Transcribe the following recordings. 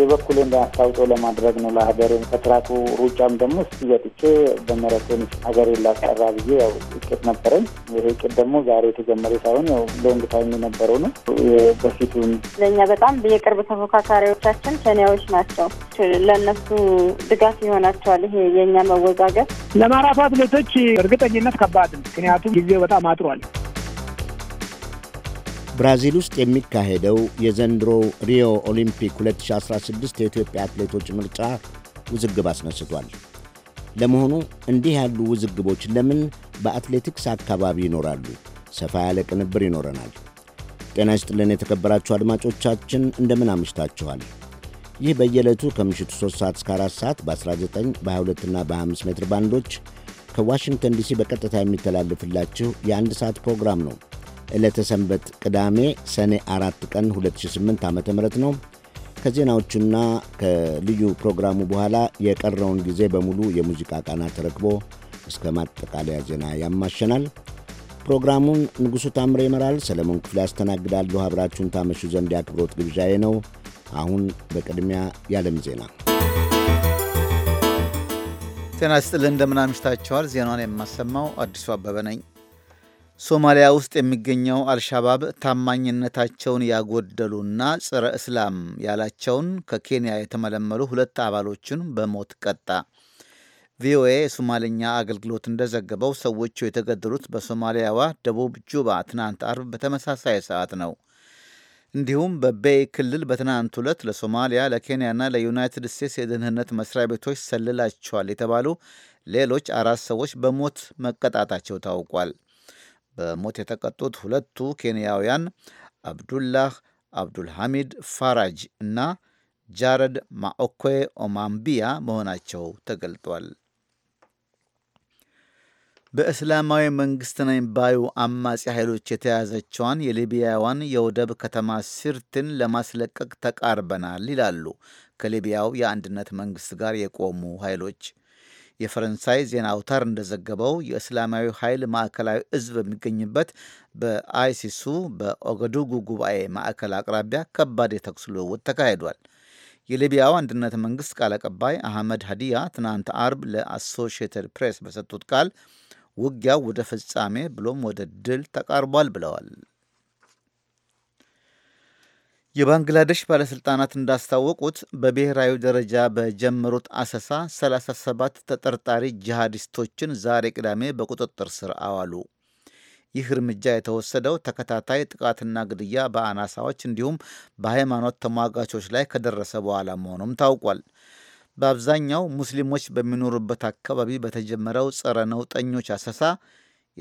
የበኩሌን አስተዋጽኦ ለማድረግ ነው ለሀገር ከትራቱ ሩጫም ደግሞ እስቲ ወጥቼ በመረቶን ሀገር ላስጠራ ብዬ ያው እቅድ ነበረኝ። ይሄ እቅድ ደግሞ ዛሬ የተጀመረ ሳይሆን ያው ሎንግ ታይም የነበረው ነው። በፊቱን ለእኛ በጣም የቅርብ ተፎካካሪዎቻችን ኬንያዎች ናቸው። ለእነሱ ድጋፍ ይሆናቸዋል ይሄ የእኛ መወጋገር ለማራፋት ሌቶች እርግጠኝነት ከባድ ምክንያቱም ጊዜው በጣም አጥሯል። ብራዚል ውስጥ የሚካሄደው የዘንድሮው ሪዮ ኦሊምፒክ 2016 የኢትዮጵያ አትሌቶች ምርጫ ውዝግብ አስነስቷል። ለመሆኑ እንዲህ ያሉ ውዝግቦች ለምን በአትሌቲክስ አካባቢ ይኖራሉ? ሰፋ ያለ ቅንብር ይኖረናል። ጤና ይስጥልን የተከበራችሁ አድማጮቻችን እንደምን አምሽታችኋል? ይህ በየዕለቱ ከምሽቱ 3 ሰዓት እስከ 4 ሰዓት በ19 በ22ና በ25 ሜትር ባንዶች ከዋሽንግተን ዲሲ በቀጥታ የሚተላልፍላችሁ የአንድ ሰዓት ፕሮግራም ነው። ዕለተ ሰንበት ቅዳሜ ሰኔ አራት ቀን 2008 ዓ ም ነው። ከዜናዎቹና ከልዩ ፕሮግራሙ በኋላ የቀረውን ጊዜ በሙሉ የሙዚቃ ቃና ተረክቦ እስከ ማጠቃለያ ዜና ያማሸናል። ፕሮግራሙን ንጉሡ ታምሬ ይመራል። ሰለሞን ክፍሌ ያስተናግዳሉ አብራችሁን ታመሹ ዘንድ የአክብሮት ግብዣዬ ነው። አሁን በቅድሚያ ያለም ዜና። ጤና ስጥል፣ እንደምን አምሽታችኋል። ዜናውን የማሰማው አዲሱ አበበ ነኝ። ሶማሊያ ውስጥ የሚገኘው አልሻባብ ታማኝነታቸውን ያጎደሉና ጸረ እስላም ያላቸውን ከኬንያ የተመለመሉ ሁለት አባሎችን በሞት ቀጣ። ቪኦኤ የሶማልኛ አገልግሎት እንደዘገበው ሰዎቹ የተገደሉት በሶማሊያዋ ደቡብ ጁባ ትናንት አርብ በተመሳሳይ ሰዓት ነው። እንዲሁም በቤይ ክልል በትናንት ሁለት ለሶማሊያ ለኬንያና ለዩናይትድ ስቴትስ የደህንነት መስሪያ ቤቶች ሰልላቸዋል የተባሉ ሌሎች አራት ሰዎች በሞት መቀጣታቸው ታውቋል። በሞት የተቀጡት ሁለቱ ኬንያውያን አብዱላህ አብዱልሐሚድ ፋራጅ እና ጃረድ ማኦኮ ኦማምቢያ መሆናቸው ተገልጧል። በእስላማዊ መንግስት ነኝ ባዩ አማጺ ኃይሎች የተያዘችዋን የሊቢያዋን የወደብ ከተማ ሲርትን ለማስለቀቅ ተቃርበናል ይላሉ ከሊቢያው የአንድነት መንግስት ጋር የቆሙ ኃይሎች። የፈረንሳይ ዜና አውታር እንደዘገበው የእስላማዊ ኃይል ማዕከላዊ እዝ በሚገኝበት በአይሲሱ በኦገዱጉ ጉባኤ ማዕከል አቅራቢያ ከባድ የተኩስ ልውውጥ ተካሂዷል። የሊቢያው አንድነት መንግስት ቃል አቀባይ አህመድ ሀዲያ ትናንት አርብ ለአሶሺየትድ ፕሬስ በሰጡት ቃል ውጊያው ወደ ፍጻሜ ብሎም ወደ ድል ተቃርቧል ብለዋል። የባንግላዴሽ ባለሥልጣናት እንዳስታወቁት በብሔራዊ ደረጃ በጀመሩት አሰሳ 37 ተጠርጣሪ ጂሃዲስቶችን ዛሬ ቅዳሜ በቁጥጥር ስር አዋሉ። ይህ እርምጃ የተወሰደው ተከታታይ ጥቃትና ግድያ በአናሳዎች እንዲሁም በሃይማኖት ተሟጋቾች ላይ ከደረሰ በኋላ መሆኑም ታውቋል። በአብዛኛው ሙስሊሞች በሚኖሩበት አካባቢ በተጀመረው ጸረ ነውጠኞች አሰሳ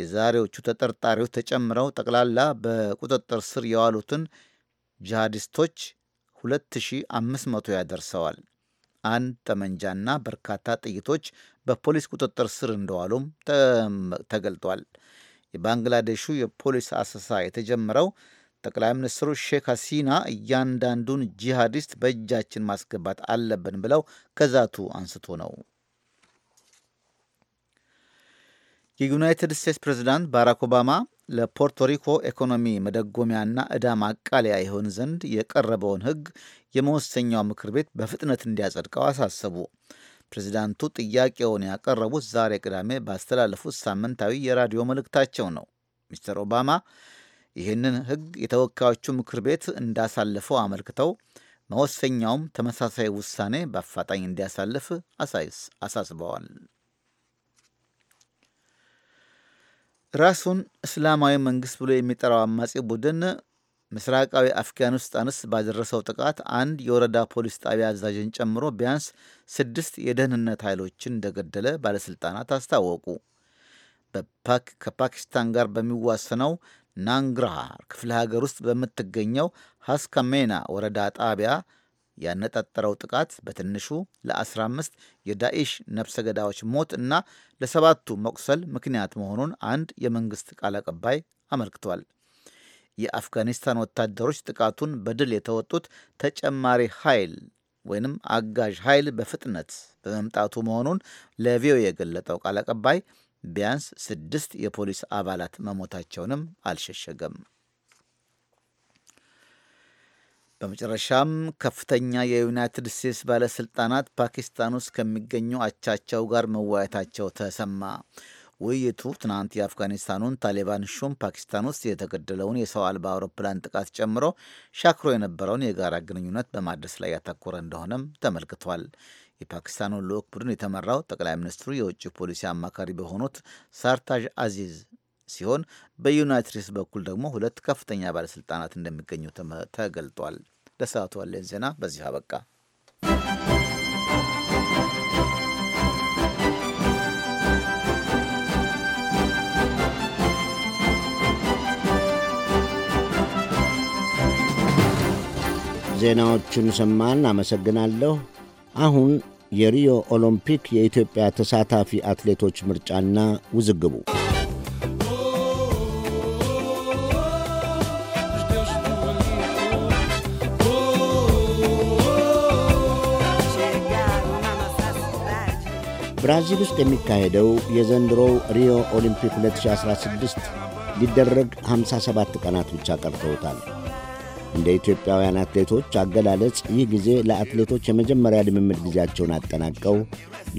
የዛሬዎቹ ተጠርጣሪዎች ተጨምረው ጠቅላላ በቁጥጥር ስር የዋሉትን ጂሃዲስቶች 2500 ያደርሰዋል። አንድ ጠመንጃና በርካታ ጥይቶች በፖሊስ ቁጥጥር ስር እንደዋሉም ተገልጧል። የባንግላዴሹ የፖሊስ አሰሳ የተጀመረው ጠቅላይ ሚኒስትሩ ሼክ ሀሲና እያንዳንዱን ጂሃዲስት በእጃችን ማስገባት አለብን ብለው ከዛቱ አንስቶ ነው። የዩናይትድ ስቴትስ ፕሬዚዳንት ባራክ ኦባማ ለፖርቶሪኮ ኢኮኖሚ መደጎሚያና ዕዳ ማቃለያ ይሆን ዘንድ የቀረበውን ሕግ የመወሰኛው ምክር ቤት በፍጥነት እንዲያጸድቀው አሳሰቡ። ፕሬዚዳንቱ ጥያቄውን ያቀረቡት ዛሬ ቅዳሜ ባስተላለፉት ሳምንታዊ የራዲዮ መልእክታቸው ነው። ሚስተር ኦባማ ይህንን ሕግ የተወካዮቹ ምክር ቤት እንዳሳለፈው አመልክተው መወሰኛውም ተመሳሳይ ውሳኔ በአፋጣኝ እንዲያሳልፍ አሳስበዋል። ራሱን እስላማዊ መንግስት ብሎ የሚጠራው አማጺ ቡድን ምስራቃዊ አፍጋኒስታንስ ባደረሰው ጥቃት አንድ የወረዳ ፖሊስ ጣቢያ አዛዥን ጨምሮ ቢያንስ ስድስት የደህንነት ኃይሎችን እንደገደለ ባለሥልጣናት አስታወቁ። ከፓኪስታን ጋር በሚዋሰነው ናንግርሃር ክፍለ ሀገር ውስጥ በምትገኘው ሃስካሜና ወረዳ ጣቢያ ያነጣጠረው ጥቃት በትንሹ ለ15 የዳኢሽ ነፍሰ ገዳዮች ሞት እና ለሰባቱ መቁሰል ምክንያት መሆኑን አንድ የመንግሥት ቃል አቀባይ አመልክቷል። የአፍጋኒስታን ወታደሮች ጥቃቱን በድል የተወጡት ተጨማሪ ኃይል ወይንም አጋዥ ኃይል በፍጥነት በመምጣቱ መሆኑን ለቪኦኤ የገለጠው ቃል አቀባይ ቢያንስ ስድስት የፖሊስ አባላት መሞታቸውንም አልሸሸገም። በመጨረሻም ከፍተኛ የዩናይትድ ስቴትስ ባለስልጣናት ፓኪስታን ውስጥ ከሚገኙ አቻቸው ጋር መወያየታቸው ተሰማ። ውይይቱ ትናንት የአፍጋኒስታኑን ታሊባን ሹም ፓኪስታን ውስጥ የተገደለውን የሰው አልባ አውሮፕላን ጥቃት ጨምሮ ሻክሮ የነበረውን የጋራ ግንኙነት በማድረስ ላይ ያተኮረ እንደሆነም ተመልክቷል። የፓኪስታኑ ልዑክ ቡድን የተመራው ጠቅላይ ሚኒስትሩ የውጭ ፖሊሲ አማካሪ በሆኑት ሳርታጅ አዚዝ ሲሆን በዩናይትድ ስቴትስ በኩል ደግሞ ሁለት ከፍተኛ ባለስልጣናት እንደሚገኙ ተገልጧል። ለሰዓቱ ያለን ዜና በዚህ አበቃ። ዜናዎቹን ሰማን፣ አመሰግናለሁ። አሁን የሪዮ ኦሎምፒክ የኢትዮጵያ ተሳታፊ አትሌቶች ምርጫና ውዝግቡ ብራዚል ውስጥ የሚካሄደው የዘንድሮው ሪዮ ኦሊምፒክ 2016 ሊደረግ 57 ቀናት ብቻ ቀርተውታል። እንደ ኢትዮጵያውያን አትሌቶች አገላለጽ ይህ ጊዜ ለአትሌቶች የመጀመሪያ ልምምድ ጊዜያቸውን አጠናቀው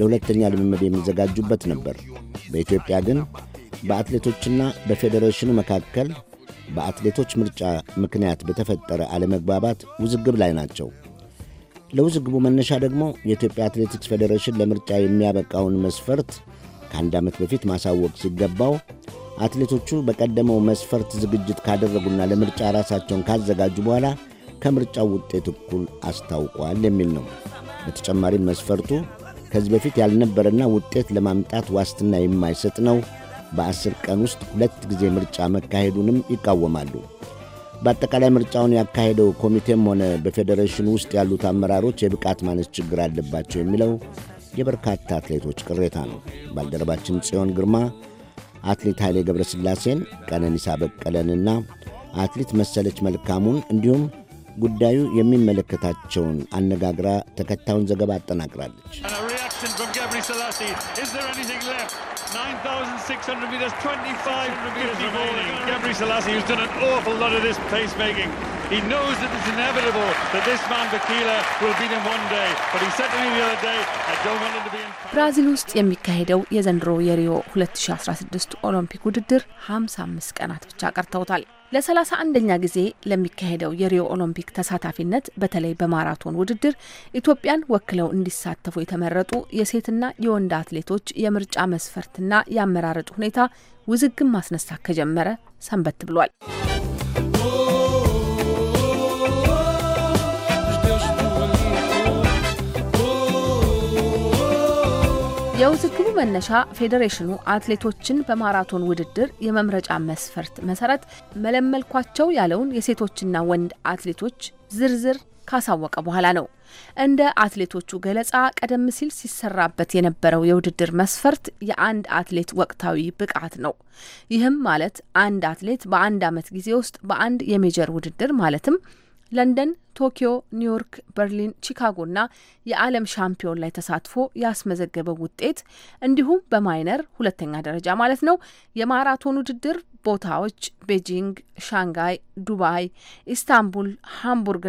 ለሁለተኛ ልምምድ የሚዘጋጁበት ነበር። በኢትዮጵያ ግን በአትሌቶችና በፌዴሬሽኑ መካከል በአትሌቶች ምርጫ ምክንያት በተፈጠረ አለመግባባት ውዝግብ ላይ ናቸው። ለውዝግቡ መነሻ ደግሞ የኢትዮጵያ አትሌቲክስ ፌዴሬሽን ለምርጫ የሚያበቃውን መስፈርት ከአንድ ዓመት በፊት ማሳወቅ ሲገባው አትሌቶቹ በቀደመው መስፈርት ዝግጅት ካደረጉና ለምርጫ ራሳቸውን ካዘጋጁ በኋላ ከምርጫው ውጤት እኩል አስታውቋል የሚል ነው። በተጨማሪም መስፈርቱ ከዚህ በፊት ያልነበረና ውጤት ለማምጣት ዋስትና የማይሰጥ ነው። በአስር ቀን ውስጥ ሁለት ጊዜ ምርጫ መካሄዱንም ይቃወማሉ። በአጠቃላይ ምርጫውን ያካሄደው ኮሚቴም ሆነ በፌዴሬሽን ውስጥ ያሉት አመራሮች የብቃት ማነስ ችግር አለባቸው የሚለው የበርካታ አትሌቶች ቅሬታ ነው። ባልደረባችን ጽዮን ግርማ አትሌት ኃይሌ ገብረስላሴን፣ ቀነኒሳ በቀለንና አትሌት መሰለች መልካሙን እንዲሁም ጉዳዩ የሚመለከታቸውን አነጋግራ ተከታዩን ዘገባ አጠናቅራለች። 9,600 metres, 2,500 metres remaining. Gabri Selassie, who's done an awful lot of this making. He knows that it's inevitable that this man Bakila will beat him one day. But he said to me the other day, I don't want him to be in. ብራዚል ውስጥ የሚካሄደው የዘንድሮ የሪዮ 2016 ኦሎምፒክ ውድድር 55 ቀናት ብቻ ቀርተውታል። ለሰላሳ አንደኛ ጊዜ ለሚካሄደው የሪዮ ኦሎምፒክ ተሳታፊነት በተለይ በማራቶን ውድድር ኢትዮጵያን ወክለው እንዲሳተፉ የተመረጡ የሴትና የወንድ አትሌቶች የምርጫ መስፈርትና የአመራረጥ ሁኔታ ውዝግም ማስነሳት ከጀመረ ሰንበት ብሏል። የውዝግቡ መነሻ ፌዴሬሽኑ አትሌቶችን በማራቶን ውድድር የመምረጫ መስፈርት መሰረት መለመልኳቸው ያለውን የሴቶችና ወንድ አትሌቶች ዝርዝር ካሳወቀ በኋላ ነው። እንደ አትሌቶቹ ገለጻ ቀደም ሲል ሲሰራበት የነበረው የውድድር መስፈርት የአንድ አትሌት ወቅታዊ ብቃት ነው። ይህም ማለት አንድ አትሌት በአንድ ዓመት ጊዜ ውስጥ በአንድ የሜጀር ውድድር ማለትም ለንደን፣ ቶኪዮ፣ ኒውዮርክ፣ በርሊን፣ እና የዓለም ሻምፒዮን ላይ ተሳትፎ ያስመዘገበው ውጤት እንዲሁም በማይነር ሁለተኛ ደረጃ ማለት ነው የማራቶን ውድድር ቦታዎች ቤጂንግ፣ ሻንጋይ፣ ዱባይ፣ ኢስታንቡል፣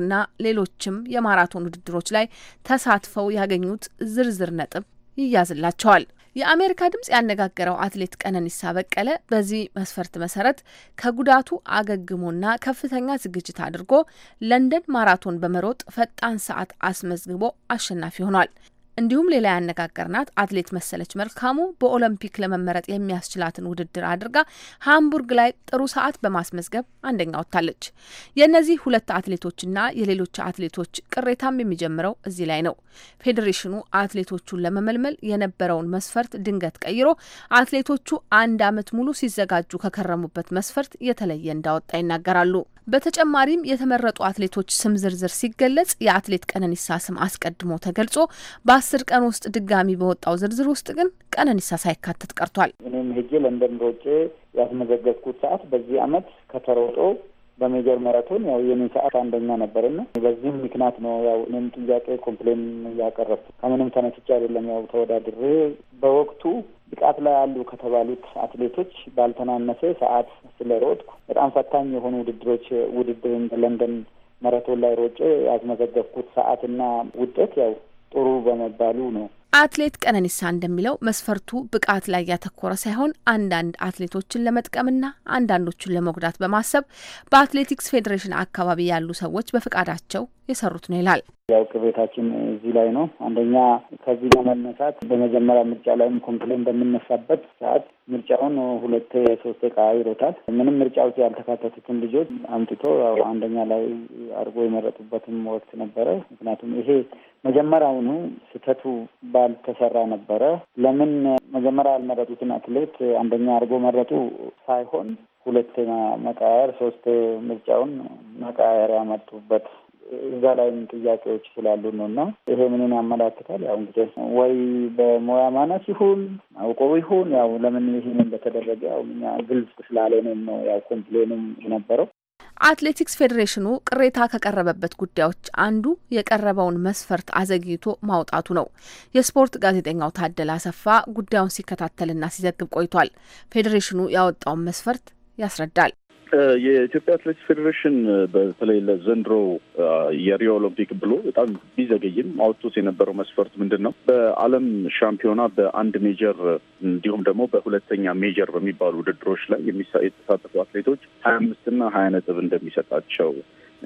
እና ሌሎችም የማራቶን ውድድሮች ላይ ተሳትፈው ያገኙት ዝርዝር ነጥብ ይያዝላቸዋል። የአሜሪካ ድምጽ ያነጋገረው አትሌት ቀነኒሳ በቀለ በዚህ መስፈርት መሰረት ከጉዳቱ አገግሞና ከፍተኛ ዝግጅት አድርጎ ለንደን ማራቶን በመሮጥ ፈጣን ሰዓት አስመዝግቦ አሸናፊ ሆኗል። እንዲሁም ሌላ ያነጋገርናት አትሌት መሰለች መልካሙ በኦሎምፒክ ለመመረጥ የሚያስችላትን ውድድር አድርጋ ሃምቡርግ ላይ ጥሩ ሰዓት በማስመዝገብ አንደኛ ወጥታለች። የእነዚህ ሁለት አትሌቶችና የሌሎች አትሌቶች ቅሬታም የሚጀምረው እዚህ ላይ ነው። ፌዴሬሽኑ አትሌቶቹን ለመመልመል የነበረውን መስፈርት ድንገት ቀይሮ አትሌቶቹ አንድ ዓመት ሙሉ ሲዘጋጁ ከከረሙበት መስፈርት የተለየ እንዳወጣ ይናገራሉ። በተጨማሪም የተመረጡ አትሌቶች ስም ዝርዝር ሲገለጽ የአትሌት ቀነኒሳ ስም አስቀድሞ ተገልጾ አስር ቀን ውስጥ ድጋሚ በወጣው ዝርዝር ውስጥ ግን ቀነኒሳ ሳይካተት ቀርቷል። እኔም ሄጄ ለንደን ሮጬ ያስመዘገብኩት ሰዓት በዚህ አመት ከተሮጦ በሜጀር መራቶን ያው የኔ ሰዓት አንደኛ ነበርና በዚህም ምክንያት ነው ያው እኔም ጥያቄ ኮምፕሌን እያቀረብኩ ከምንም ተነስቼ አይደለም። ያው ተወዳድሬ በወቅቱ ብቃት ላይ አሉ ከተባሉት አትሌቶች ባልተናነሰ ሰዓት ስለሮጥኩ በጣም ፈታኝ የሆኑ ውድድሮች ውድድር ለንደን መረቶን ላይ ሮጬ ያስመዘገብኩት ሰዓትና ውጤት ያው ጥሩ በመባሉ ነው። አትሌት ቀነኒሳ እንደሚለው መስፈርቱ ብቃት ላይ ያተኮረ ሳይሆን አንዳንድ አትሌቶችን ለመጥቀምና አንዳንዶቹን ለመጉዳት በማሰብ በአትሌቲክስ ፌዴሬሽን አካባቢ ያሉ ሰዎች በፈቃዳቸው የሰሩት ነው ይላል። ያው ቅሬታችን እዚህ ላይ ነው። አንደኛ ከዚህ በመነሳት በመጀመሪያ ምርጫ ላይም ኮምፕሌን በምነሳበት ሰዓት ምርጫውን ሁለት ሶስት ተቃይሮታል። ምንም ምርጫ ውስጥ ያልተካተቱትን ልጆች አምጥቶ ያው አንደኛ ላይ አድርጎ የመረጡበትም ወቅት ነበረ። ምክንያቱም ይሄ መጀመሪያውኑ ስህተቱ ባልተሰራ ነበረ። ለምን መጀመሪያ ያልመረጡትን አትሌት አንደኛ አድርጎ መረጡ ሳይሆን ሁለት መቃየር ሶስት ምርጫውን መቃየር ያመጡበት እዛ ላይም ጥያቄዎች ስላሉ ነው እና ይሄ ምንን ያመላክታል? ያው እንግዲህ ወይ በሙያ ማነስ ይሁን አውቆ ይሁን ያው ለምን ይህን እንደተደረገ ያው እኛ ግልጽ ስላልሆነም ነው ያው ኮምፕሌንም የነበረው። አትሌቲክስ ፌዴሬሽኑ ቅሬታ ከቀረበበት ጉዳዮች አንዱ የቀረበውን መስፈርት አዘግይቶ ማውጣቱ ነው። የስፖርት ጋዜጠኛው ታደለ አሰፋ ጉዳዩን ሲከታተልና ሲዘግብ ቆይቷል። ፌዴሬሽኑ ያወጣውን መስፈርት ያስረዳል። የኢትዮጵያ አትሌቲክስ ፌዴሬሽን በተለይ ለዘንድሮ የሪዮ ኦሎምፒክ ብሎ በጣም ቢዘገይም አውጥቶት የነበረው መስፈርት ምንድን ነው? በዓለም ሻምፒዮና በአንድ ሜጀር እንዲሁም ደግሞ በሁለተኛ ሜጀር በሚባሉ ውድድሮች ላይ የተሳተፉ አትሌቶች ሀያ አምስትና ሀያ ነጥብ እንደሚሰጣቸው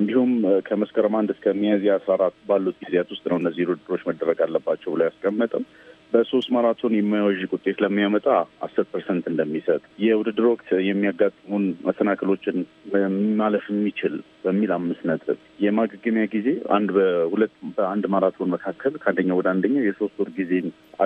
እንዲሁም ከመስከረም አንድ እስከ ሚያዝያ አስራ አራት ባሉት ጊዜያት ውስጥ ነው እነዚህ ውድድሮች መደረግ አለባቸው ብሎ ያስቀመጠው። በሶስት ማራቶን የማይወዥቅ ውጤት ለሚያመጣ አስር ፐርሰንት እንደሚሰጥ የውድድር ወቅት የሚያጋጥሙን መሰናክሎችን ማለፍ የሚችል በሚል አምስት ነጥብ የማገገሚያ ጊዜ አንድ በሁለት በአንድ ማራቶን መካከል ከአንደኛው ወደ አንደኛው የሶስት ወር ጊዜ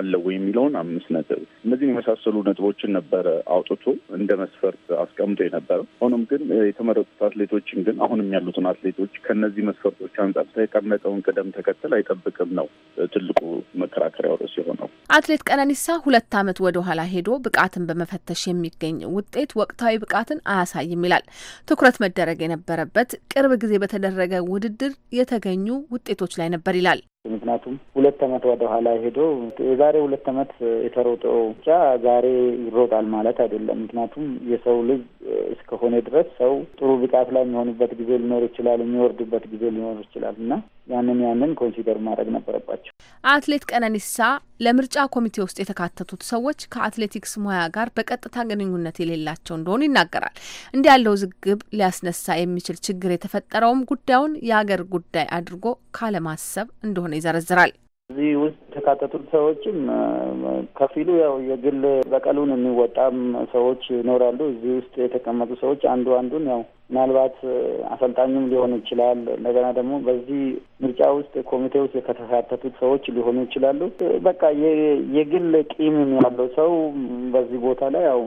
አለው የሚለውን አምስት ነጥብ እነዚህን የመሳሰሉ ነጥቦችን ነበረ አውጥቶ እንደ መስፈርት አስቀምጦ የነበረ። ሆኖም ግን የተመረጡት አትሌቶችን ግን አሁንም ያሉትን አትሌቶች ከነዚህ መስፈርቶች አንጻር ተቀመጠውን ቅደም ተከተል አይጠብቅም ነው ትልቁ መከራከሪያ ርዕስ የሆነው። አትሌት ቀነኒሳ ሁለት ዓመት ወደ ኋላ ሄዶ ብቃትን በመፈተሽ የሚገኝ ውጤት ወቅታዊ ብቃትን አያሳይም ይላል። ትኩረት መደረግ የነበረበት ቅርብ ጊዜ በተደረገ ውድድር የተገኙ ውጤቶች ላይ ነበር ይላል። ምክንያቱም ሁለት ዓመት ወደ ኋላ ሄዶ የዛሬ ሁለት ዓመት የተሮጠው ብቻ ዛሬ ይሮጣል ማለት አይደለም። ምክንያቱም የሰው ልጅ እስከሆነ ድረስ ሰው ጥሩ ብቃት ላይ የሚሆንበት ጊዜ ሊኖር ይችላል፣ የሚወርድበት ጊዜ ሊኖር ይችላል እና ያንን ያንን ኮንሲደር ማድረግ ነበረባቸው። አትሌት ቀነኒሳ ለምርጫ ኮሚቴ ውስጥ የተካተቱት ሰዎች ከአትሌቲክስ ሙያ ጋር በቀጥታ ግንኙነት የሌላቸው እንደሆኑ ይናገራል። እንዲህ ያለው ዝግብ ሊያስነሳ የሚችል ችግር የተፈጠረውም ጉዳዩን የአገር ጉዳይ አድርጎ ካለማሰብ እንደሆነ ይዘረዝራል። እዚህ ውስጥ የተካተቱት ሰዎችም ከፊሉ ያው የግል በቀሉን የሚወጣም ሰዎች ይኖራሉ። እዚህ ውስጥ የተቀመጡ ሰዎች አንዱ አንዱን ያው ምናልባት አሰልጣኙም ሊሆን ይችላል። እንደገና ደግሞ በዚህ ምርጫ ውስጥ ኮሚቴ ውስጥ የተካተቱት ሰዎች ሊሆኑ ይችላሉ። በቃ የግል ቂምም ያለው ሰው በዚህ ቦታ ላይ ያው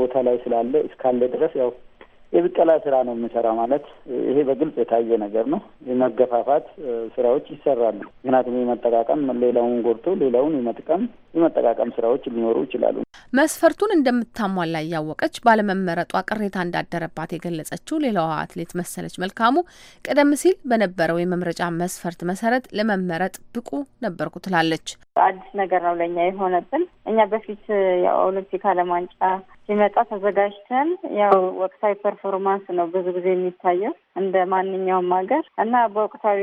ቦታ ላይ ስላለ እስካለ ድረስ ያው የብቀላ ስራ ነው የምንሰራ ማለት ይሄ በግልጽ የታየ ነገር ነው። የመገፋፋት ስራዎች ይሰራሉ። ምክንያቱም የመጠቃቀም ሌላውን ጎድቶ ሌላውን የመጥቀም የመጠቃቀም ስራዎች ሊኖሩ ይችላሉ። መስፈርቱን እንደምታሟላ እያወቀች ባለመመረጧ ቅሬታ እንዳደረባት የገለጸችው ሌላዋ አትሌት መሰለች መልካሙ ቀደም ሲል በነበረው የመምረጫ መስፈርት መሰረት ለመመረጥ ብቁ ነበርኩ ትላለች። አዲስ ነገር ነው ለእኛ የሆነብን። እኛ በፊት የኦሎምፒክ ዓለም ዋንጫ ሲመጣ ተዘጋጅተን ያው ወቅታዊ ፐርፎርማንስ ነው ብዙ ጊዜ የሚታየው እንደ ማንኛውም ሀገር እና በወቅታዊ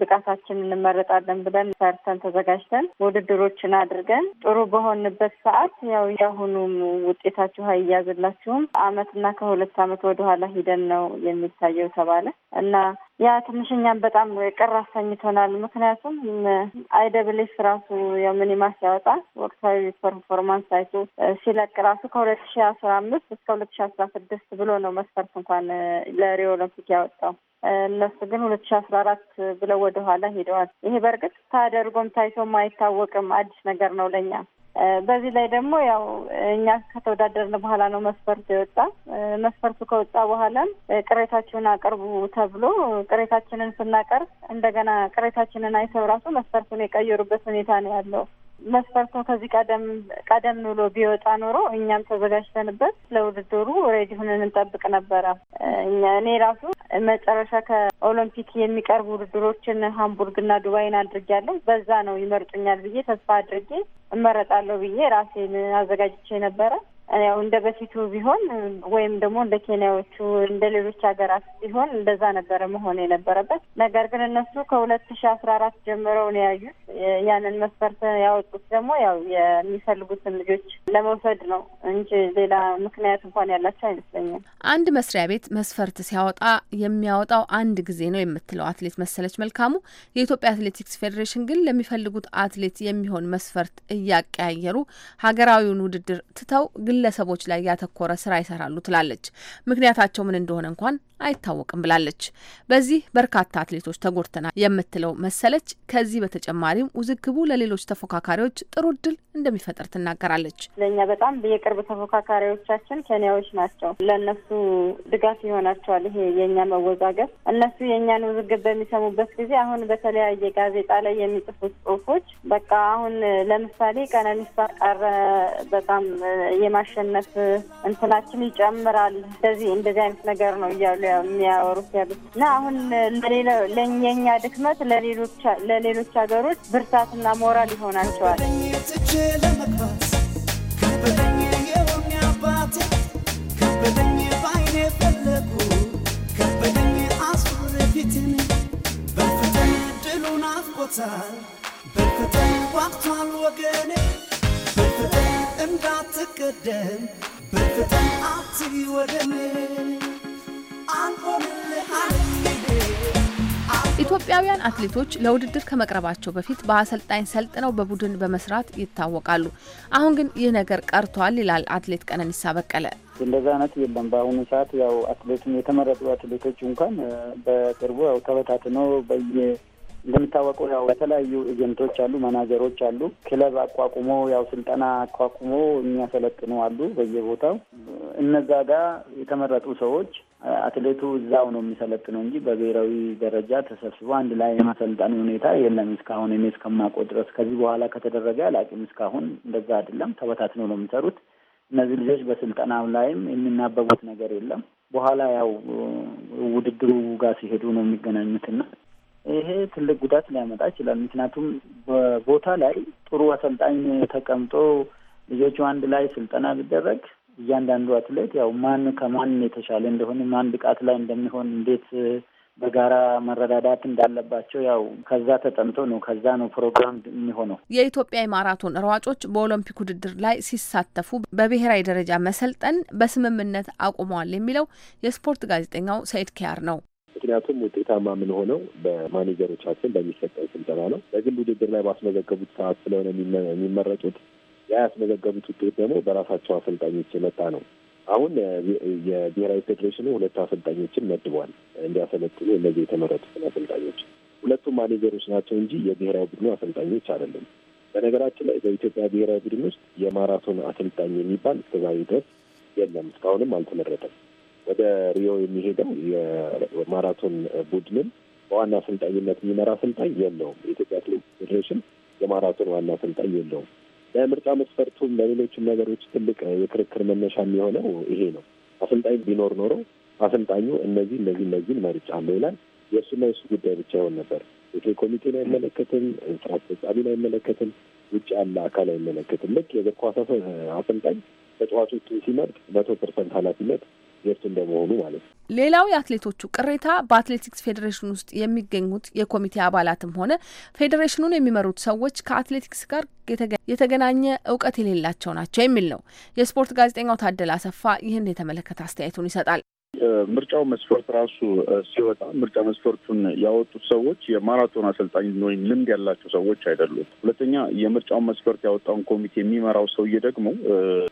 ብቃታችን እንመረጣለን ብለን ሰርተን ተዘጋጅተን ውድድሮችን አድርገን ሆነን ጥሩ በሆንበት ሰዓት ያው የአሁኑም ውጤታችሁ አይያዝላችሁም አመትና ከሁለት አመት ወደኋላ ሂደን ነው የሚታየው ተባለ እና ያ ትንሽኛም በጣም ቅር አሰኝቶናል። ምክንያቱም አይደብሌስ ራሱ የሚኒማስ ያወጣ ወቅታዊ ፐርፎርማንስ ፐርፎርማንሳቸው ሲለቅ ራሱ ከሁለት ሺ አስራ አምስት እስከ ሁለት ሺ አስራ ስድስት ብሎ ነው መስፈርት እንኳን ለሪዮ ኦሎምፒክ ያወጣው። እነሱ ግን ሁለት ሺ አስራ አራት ብለው ወደኋላ ሄደዋል። ይሄ በእርግጥ ታደርጎም ታይቶም አይታወቅም አዲስ ነገር ነው ለእኛ በዚህ ላይ ደግሞ ያው እኛ ከተወዳደርን በኋላ ነው መስፈርቱ የወጣ። መስፈርቱ ከወጣ በኋላም ቅሬታችሁን አቅርቡ ተብሎ ቅሬታችንን ስናቀርብ እንደገና ቅሬታችንን አይተው ራሱ መስፈርቱን የቀየሩበት ሁኔታ ነው ያለው። መስፈርቱን ከዚህ ቀደም ቀደም ብሎ ቢወጣ ኖሮ እኛም ተዘጋጅተንበት ለውድድሩ ሬዲ ሁነን እንጠብቅ ነበረ። እኔ ራሱ መጨረሻ ከኦሎምፒክ የሚቀርቡ ውድድሮችን ሀምቡርግና ዱባይን አድርጌያለሁ። በዛ ነው ይመርጡኛል ብዬ ተስፋ አድርጌ እመረጣለሁ ብዬ ራሴን አዘጋጅቼ ነበረ። ያው እንደ በፊቱ ቢሆን ወይም ደግሞ እንደ ኬንያዎቹ እንደ ሌሎች ሀገራት ቢሆን እንደዛ ነበረ መሆን የነበረበት። ነገር ግን እነሱ ከሁለት ሺ አስራ አራት ጀምረው ነው ያዩት። ያንን መስፈርት ያወጡት ደግሞ ያው የሚፈልጉትን ልጆች ለመውሰድ ነው እንጂ ሌላ ምክንያት እንኳን ያላቸው አይመስለኛል። አንድ መስሪያ ቤት መስፈርት ሲያወጣ የሚያወጣው አንድ ጊዜ ነው የምትለው አትሌት መሰለች መልካሙ፣ የኢትዮጵያ አትሌቲክስ ፌዴሬሽን ግን ለሚፈልጉት አትሌት የሚሆን መስፈርት እያቀያየሩ ሀገራዊውን ውድድር ትተው ግል ግለሰቦች ላይ ያተኮረ ስራ ይሰራሉ ትላለች። ምክንያታቸው ምን እንደሆነ እንኳን አይታወቅም ብላለች። በዚህ በርካታ አትሌቶች ተጎድተናል የምትለው መሰለች ከዚህ በተጨማሪም ውዝግቡ ለሌሎች ተፎካካሪዎች ጥሩ እድል እንደሚፈጥር ትናገራለች። ለእኛ በጣም የቅርብ ተፎካካሪዎቻችን ኬንያዎች ናቸው። ለእነሱ ድጋፍ ይሆናቸዋል ይሄ የእኛ መወዛገብ። እነሱ የእኛን ውዝግብ በሚሰሙበት ጊዜ አሁን በተለያየ ጋዜጣ ላይ የሚጽፉት ጽሁፎች በቃ አሁን ለምሳሌ ቀነኒሳ ቀረ በጣም የማሸነፍ እንትናችን ይጨምራል፣ እንደዚህ እንደዚህ አይነት ነገር ነው እያሉ የሚያወሩት ያሉት እና አሁን ለሌላው ድክመት ለሌሎች ሀገሮች ብርታትና ሞራል ይሆናቸዋል። ለመግባት ከበደኝ የወኔ አባቴ ከበደኝ ባይኔ ፈለጉ ከበደኝ አዙር ፊትን በፍጥን ድሉ ናፍቆታል በፍጥን ዋቅቷል ወገኔ በፍጥን እንዳትቀደም በፍጥን አትይ ወደኔ አንሆንልህ አለኝ ኢትዮጵያውያን አትሌቶች ለውድድር ከመቅረባቸው በፊት በአሰልጣኝ ሰልጥነው በቡድን በመስራት ይታወቃሉ። አሁን ግን ይህ ነገር ቀርቷል ይላል አትሌት ቀነኒሳ በቀለ። እንደዛ አይነት የለም። በአሁኑ ሰዓት ያው አትሌቱን የተመረጡ አትሌቶች እንኳን በቅርቡ ያው ተበታትነው በየ እንደሚታወቀው ያው የተለያዩ ኤጀንቶች አሉ፣ መናጀሮች አሉ። ክለብ አቋቁሞ ያው ስልጠና አቋቁሞ የሚያሰለጥኑ አሉ በየቦታው። እነዛ ጋር የተመረጡ ሰዎች አትሌቱ እዛው ነው የሚሰለጥነው እንጂ በብሔራዊ ደረጃ ተሰብስቦ አንድ ላይ የመሰልጠን ሁኔታ የለም። እስካሁን እኔ እስከማውቀው ድረስ ከዚህ በኋላ ከተደረገ አላውቅም። እስካሁን እንደዛ አይደለም። ተበታትነው ነው የሚሰሩት። እነዚህ ልጆች በስልጠና ላይም የሚናበቡት ነገር የለም። በኋላ ያው ውድድሩ ጋር ሲሄዱ ነው የሚገናኙትና ይሄ ትልቅ ጉዳት ሊያመጣ ይችላል። ምክንያቱም በቦታ ላይ ጥሩ አሰልጣኝ ተቀምጦ ልጆቹ አንድ ላይ ስልጠና ቢደረግ እያንዳንዱ አትሌት ያው ማን ከማን የተሻለ እንደሆነ ማን ብቃት ላይ እንደሚሆን እንዴት በጋራ መረዳዳት እንዳለባቸው ያው ከዛ ተጠምቶ ነው ከዛ ነው ፕሮግራም የሚሆነው። የኢትዮጵያ የማራቶን ሯጮች በኦሎምፒክ ውድድር ላይ ሲሳተፉ በብሔራዊ ደረጃ መሰልጠን በስምምነት አቁመዋል የሚለው የስፖርት ጋዜጠኛው ሰይድ ኪያር ነው። ምክንያቱም ውጤታማ ሆነው በማኔጀሮቻችን በሚሰጠው ስልጠና ነው። በግል ውድድር ላይ ባስመዘገቡት ሰዓት ስለሆነ የሚመረጡት ያ ያስመዘገቡት ውጤት ደግሞ በራሳቸው አሰልጣኞች የመጣ ነው። አሁን የብሔራዊ ፌዴሬሽኑ ሁለቱ አሰልጣኞችን መድቧል እንዲያሰለጥኑ እነዚህ የተመረጡትን አሰልጣኞች ሁለቱም ማኔጀሮች ናቸው እንጂ የብሔራዊ ቡድኑ አሰልጣኞች አይደለም። በነገራችን ላይ በኢትዮጵያ ብሔራዊ ቡድን ውስጥ የማራቶን አሰልጣኝ የሚባል እስከዛሬ ድረስ የለም። እስካሁንም አልተመረጠም። ወደ ሪዮ የሚሄደው የማራቶን ቡድንም በዋና አሰልጣኝነት የሚመራ አሰልጣኝ የለውም። የኢትዮጵያ አትሌቲክስ ፌዴሬሽን የማራቶን ዋና አሰልጣኝ የለውም። ለምርጫ መስፈርቱም ለሌሎችም ነገሮች ትልቅ የክርክር መነሻ የሚሆነው ይሄ ነው። አሰልጣኝ ቢኖር ኖሮ አሰልጣኙ እነዚህ እነዚህ እነዚህን መርጫለሁ ይላል። የእሱና የእሱ ጉዳይ ብቻ ይሆን ነበር። የቴ ኮሚቴን አይመለከትም፣ ስራ አስፈጻሚን አይመለከትም፣ ውጭ ያለ አካል አይመለከትም። ልክ የእግር ኳስ አሰልጣኝ ተጫዋቾችን ሲመርጥ መቶ ፐርሰንት ኃላፊነት ስፖርት እንደመሆኑ ማለት ነው። ሌላው የአትሌቶቹ ቅሬታ በአትሌቲክስ ፌዴሬሽን ውስጥ የሚገኙት የኮሚቴ አባላትም ሆነ ፌዴሬሽኑን የሚመሩት ሰዎች ከአትሌቲክስ ጋር የተገናኘ እውቀት የሌላቸው ናቸው የሚል ነው። የስፖርት ጋዜጠኛው ታደለ አሰፋ ይህን የተመለከተ አስተያየቱን ይሰጣል። ምርጫው መስፈርት ራሱ ሲወጣ ምርጫ መስፈርቱን ያወጡት ሰዎች የማራቶን አሰልጣኝ ወይም ልምድ ያላቸው ሰዎች አይደሉም። ሁለተኛ የምርጫውን መስፈርት ያወጣውን ኮሚቴ የሚመራው ሰውዬ ደግሞ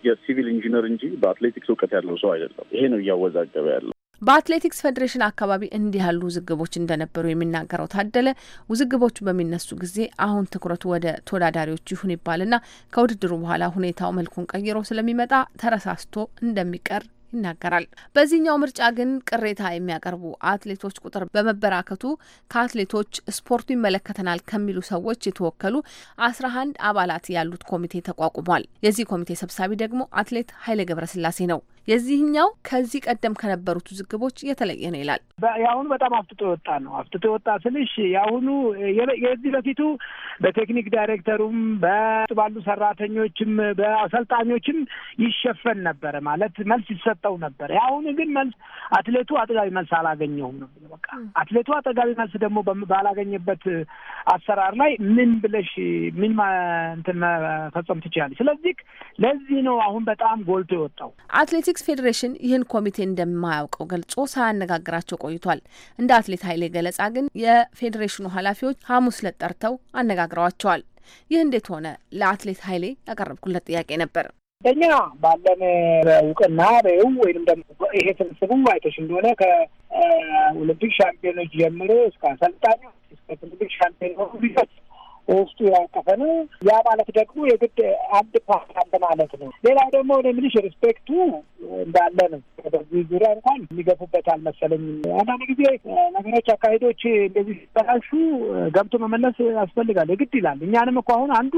የሲቪል ኢንጂነር እንጂ በአትሌቲክስ እውቀት ያለው ሰው አይደለም። ይሄ ነው እያወዛገበ ያለው። በአትሌቲክስ ፌዴሬሽን አካባቢ እንዲህ ያሉ ውዝግቦች እንደነበሩ የሚናገረው ታደለ ውዝግቦቹ በሚነሱ ጊዜ አሁን ትኩረቱ ወደ ተወዳዳሪዎች ይሁን ይባልና ከውድድሩ በኋላ ሁኔታው መልኩን ቀይሮ ስለሚመጣ ተረሳስቶ እንደሚቀር ይናገራል። በዚህኛው ምርጫ ግን ቅሬታ የሚያቀርቡ አትሌቶች ቁጥር በመበራከቱ ከአትሌቶች ስፖርቱ ይመለከተናል ከሚሉ ሰዎች የተወከሉ አስራ አንድ አባላት ያሉት ኮሚቴ ተቋቁሟል። የዚህ ኮሚቴ ሰብሳቢ ደግሞ አትሌት ኃይሌ ገብረስላሴ ነው። የዚህኛው ከዚህ ቀደም ከነበሩት ውዝግቦች የተለየ ነው ይላል። የአሁኑ በጣም አፍጥጦ የወጣ ነው። አፍጥጦ የወጣ ስልሽ የአሁኑ የዚህ በፊቱ በቴክኒክ ዳይሬክተሩም ባሉ ሰራተኞችም በአሰልጣኞችም ይሸፈን ነበረ ማለት መልስ ይሰጠው ነበር። የአሁኑ ግን መልስ አትሌቱ አጠጋቢ መልስ አላገኘሁም ነው በቃ አትሌቱ አጠጋቢ መልስ ደግሞ ባላገኘበት አሰራር ላይ ምን ብለሽ ምን እንትን መፈጸም ትችላለች። ስለዚህ ለዚህ ነው አሁን በጣም ጎልቶ የወጣው አትሌቲክ አትሌቲክስ ፌዴሬሽን ይህን ኮሚቴ እንደማያውቀው ገልጾ ሳያነጋግራቸው ቆይቷል። እንደ አትሌት ኃይሌ ገለጻ ግን የፌዴሬሽኑ ኃላፊዎች ሐሙስ ዕለት ጠርተው አነጋግረዋቸዋል። ይህ እንዴት ሆነ? ለአትሌት ኃይሌ ያቀረብኩለት ጥያቄ ነበር። እኛ ባለን እውቅና በይው ወይም ደግሞ ይሄ ስብስቡ አይተሽ እንደሆነ ከኦሎምፒክ ሻምፒዮኖች ጀምሮ እስከ አሰልጣኞች እስከ ሻምፒዮን ሆኑ ቢሰት በውስጡ ያቀፈ ነው። ያ ማለት ደግሞ የግድ አንድ ፓርት አለ ማለት ነው። ሌላው ደግሞ እኔ የምልሽ ሪስፔክቱ እንዳለ ነው። በዚህ ዙሪያ እንኳን የሚገፉበት አልመሰለኝም። አንዳንድ ጊዜ ነገሮች፣ አካሄዶች እንደዚህ ሲበላሹ ገብቶ መመለስ ያስፈልጋል፣ የግድ ይላል። እኛንም እኮ አሁን አንዱ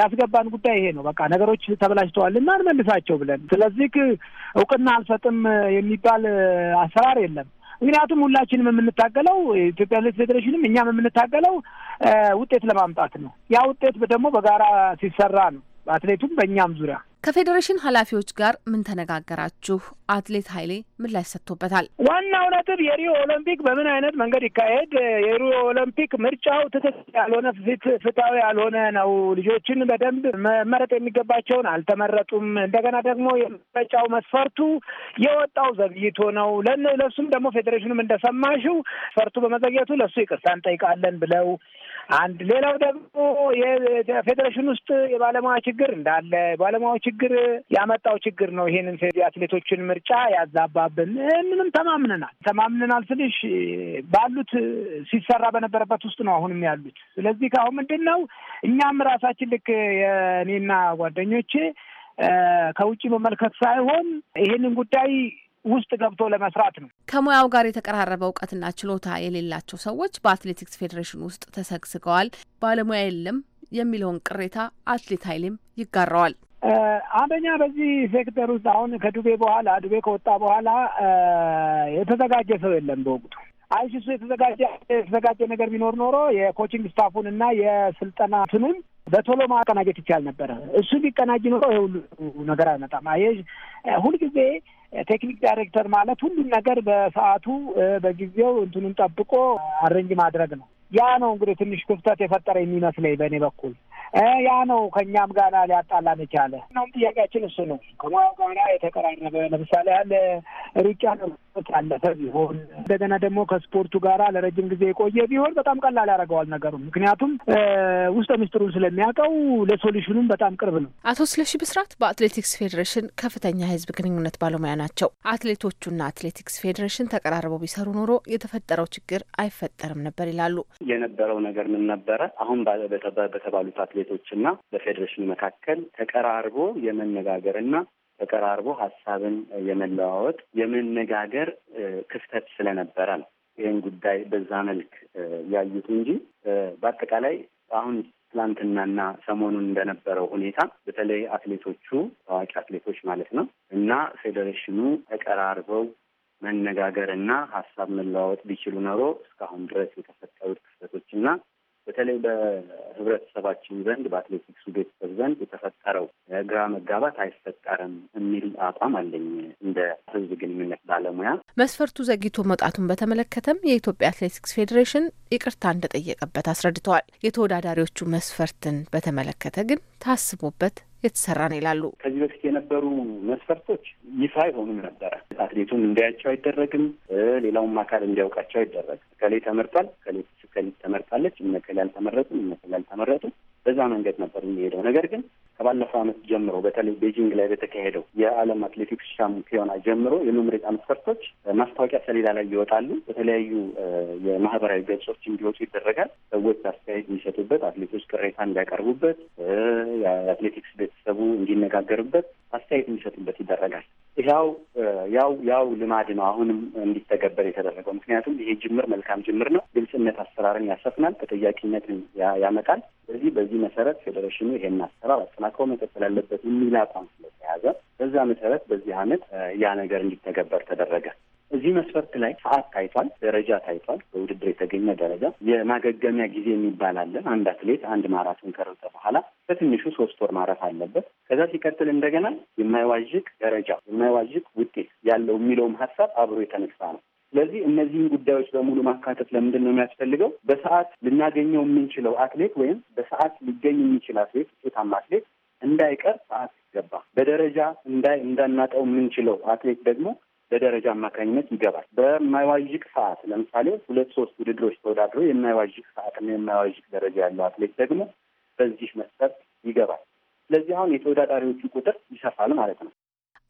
ያስገባን ጉዳይ ይሄ ነው። በቃ ነገሮች ተበላሽተዋል እና እንመልሳቸው ብለን ስለዚህ እውቅና አልሰጥም የሚባል አሰራር የለም። ምክንያቱም ሁላችንም የምንታገለው ኢትዮጵያ ፌዴሬሽንም እኛም የምንታገለው ውጤት ለማምጣት ነው። ያ ውጤት ደግሞ በጋራ ሲሰራ ነው። በአትሌቱም በእኛም ዙሪያ ከፌዴሬሽን ኃላፊዎች ጋር ምን ተነጋገራችሁ? አትሌት ኃይሌ ምላሽ ሰጥቶበታል። ዋናው ነጥብ የሪዮ ኦሎምፒክ በምን አይነት መንገድ ይካሄድ፣ የሪዮ ኦሎምፒክ ምርጫው ትክክል ያልሆነ ፊት ፍትሐዊ ያልሆነ ነው። ልጆችን በደንብ መመረጥ የሚገባቸውን አልተመረጡም። እንደገና ደግሞ የመረጫው መስፈርቱ የወጣው ዘግይቶ ነው። ለሱም ደግሞ ፌዴሬሽኑም እንደሰማሽው መስፈርቱ በመዘግየቱ ለሱ ይቅርታ እንጠይቃለን ብለው አንድ ሌላው ደግሞ የፌዴሬሽን ውስጥ የባለሙያ ችግር እንዳለ ባለሙያው ችግር ያመጣው ችግር ነው። ይህንን አትሌቶችን ምርጫ ያዛባብን ምንም ተማምነናል ተማምነናል ስልሽ ባሉት ሲሰራ በነበረበት ውስጥ ነው አሁንም ያሉት። ስለዚህ ከአሁን ምንድን ነው እኛም ራሳችን ልክ የእኔና ጓደኞቼ ከውጭ መመልከት ሳይሆን ይህንን ጉዳይ ውስጥ ገብቶ ለመስራት ነው። ከሙያው ጋር የተቀራረበ እውቀትና ችሎታ የሌላቸው ሰዎች በአትሌቲክስ ፌዴሬሽን ውስጥ ተሰግስገዋል። ባለሙያ የለም የሚለውን ቅሬታ አትሌት ኃይሌም ይጋራዋል። አንደኛ በዚህ ሴክተር ውስጥ አሁን ከዱቤ በኋላ ዱቤ ከወጣ በኋላ የተዘጋጀ ሰው የለም። በወቅቱ አይሲሱ የተዘጋጀ የተዘጋጀ ነገር ቢኖር ኖሮ የኮችንግ ስታፉን እና የስልጠና ትኑን በቶሎ ማቀናጀት ይቻል ነበረ። እሱ ቢቀናጅ ኖሮ ሁሉ ነገር አይመጣም። ሁልጊዜ ቴክኒክ ዳይሬክተር ማለት ሁሉን ነገር በሰዓቱ በጊዜው እንትኑን ጠብቆ አረንጅ ማድረግ ነው። ያ ነው እንግዲህ ትንሽ ክፍተት የፈጠረ የሚመስለኝ በእኔ በኩል ያ ነው ከእኛም ጋር ሊያጣላን የቻለ ነውም ጥያቄያችን እሱ ነው። ከሙያው ጋር የተቀራረበ ለምሳሌ ያለ ሩጫ ያለፈ ቢሆን እንደገና ደግሞ ከስፖርቱ ጋር ለረጅም ጊዜ የቆየ ቢሆን በጣም ቀላል ያደርገዋል ነገሩ። ምክንያቱም ውስጥ ሚኒስትሩን ስለሚያውቀው ለሶሉሽኑም በጣም ቅርብ ነው። አቶ ስለሺ ብስራት በአትሌቲክስ ፌዴሬሽን ከፍተኛ የህዝብ ግንኙነት ባለሙያ ናቸው። አትሌቶቹና አትሌቲክስ ፌዴሬሽን ተቀራርበው ቢሰሩ ኖሮ የተፈጠረው ችግር አይፈጠርም ነበር ይላሉ። የነበረው ነገር ምን ነበረ? አሁን በተባሉት ቤቶችና በፌዴሬሽኑ መካከል ተቀራርቦ የመነጋገርና ተቀራርቦ ሀሳብን የመለዋወጥ የመነጋገር ክፍተት ስለነበረ ነው ይህን ጉዳይ በዛ መልክ ያዩት እንጂ በአጠቃላይ አሁን ትላንትናና ሰሞኑን እንደነበረው ሁኔታ በተለይ አትሌቶቹ ታዋቂ አትሌቶች ማለት ነው እና ፌዴሬሽኑ ተቀራርበው መነጋገር እና ሀሳብ መለዋወጥ ቢችሉ ኖሮ እስካሁን ድረስ የተፈጠሩት ክፍተቶች እና በተለይ በህብረተሰባችን ዘንድ በአትሌቲክሱ ቤተሰብ ዘንድ የተፈጠረው ግራ መጋባት አይፈጠርም የሚል አቋም አለኝ እንደ ህዝብ ግንኙነት ባለሙያ። መስፈርቱ ዘግይቶ መውጣቱን በተመለከተም የኢትዮጵያ አትሌቲክስ ፌዴሬሽን ይቅርታ እንደጠየቀበት አስረድተዋል። የተወዳዳሪዎቹ መስፈርትን በተመለከተ ግን ታስቦበት የተሰራ ነው ይላሉ። ከዚህ በፊት የነበሩ መስፈርቶች ይፋ አይሆኑም ነበረ። አትሌቱን እንዲያቸው አይደረግም። ሌላውም አካል እንዲያውቃቸው አይደረግም። ከሌ ተመርጧል፣ ከሌ ተመርጣለች፣ እነከሌ አልተመረጡም፣ እነከሌ አልተመረጡም። በዛ መንገድ ነበር የሚሄደው ነገር ግን ከባለፈው ዓመት ጀምሮ በተለይ ቤጂንግ ላይ በተካሄደው የዓለም አትሌቲክስ ሻምፒዮና ጀምሮ የመምረጫ መስፈርቶች ማስታወቂያ ሰሌዳ ላይ ይወጣሉ። በተለያዩ የማህበራዊ ገጾች እንዲወጡ ይደረጋል። ሰዎች አስተያየት እንዲሰጡበት፣ አትሌቶች ቅሬታ እንዲያቀርቡበት፣ የአትሌቲክስ ቤተሰቡ እንዲነጋገርበት፣ አስተያየት እንዲሰጡበት ይደረጋል። ያው ያው ያው ልማድ ነው አሁንም እንዲተገበር የተደረገው። ምክንያቱም ይሄ ጅምር መልካም ጅምር ነው። ግልጽነት አሰራርን ያሰፍናል፣ ተጠያቂነትን ያመጣል። ስለዚህ በዚህ መሰረት ፌዴሬሽኑ ይሄን አሰራር አጠናክሮ መቀጠል አለበት የሚል አቋም ስለተያዘ በዛ መሰረት በዚህ አመት ያ ነገር እንዲተገበር ተደረገ። እዚህ መስፈርት ላይ ሰዓት ታይቷል፣ ደረጃ ታይቷል። በውድድር የተገኘ ደረጃ የማገገሚያ ጊዜ የሚባል አለ። አንድ አትሌት አንድ ማራቶን ከረጠ በኋላ በትንሹ ሶስት ወር ማረፍ አለበት። ከዛ ሲቀጥል እንደገና የማይዋዥቅ ደረጃ የማይዋዥቅ ውጤት ያለው የሚለውም ሀሳብ አብሮ የተነሳ ነው። ስለዚህ እነዚህን ጉዳዮች በሙሉ ማካተት ለምንድን ነው የሚያስፈልገው? በሰዓት ልናገኘው የምንችለው አትሌት ወይም በሰዓት ሊገኝ የሚችል አትሌት ውጤታማ አትሌት እንዳይቀር ሰዓት ይገባ። በደረጃ እንዳናጣው የምንችለው አትሌት ደግሞ በደረጃ አማካኝነት ይገባል። በማይዋዥቅ ሰዓት ለምሳሌ ሁለት ሶስት ውድድሮች ተወዳድሮ የማይዋዥቅ ሰዓትና የማይዋዥቅ ደረጃ ያለው አትሌት ደግሞ በዚህ መስፈርት ይገባል። ስለዚህ አሁን የተወዳዳሪዎቹ ቁጥር ይሰፋል ማለት ነው።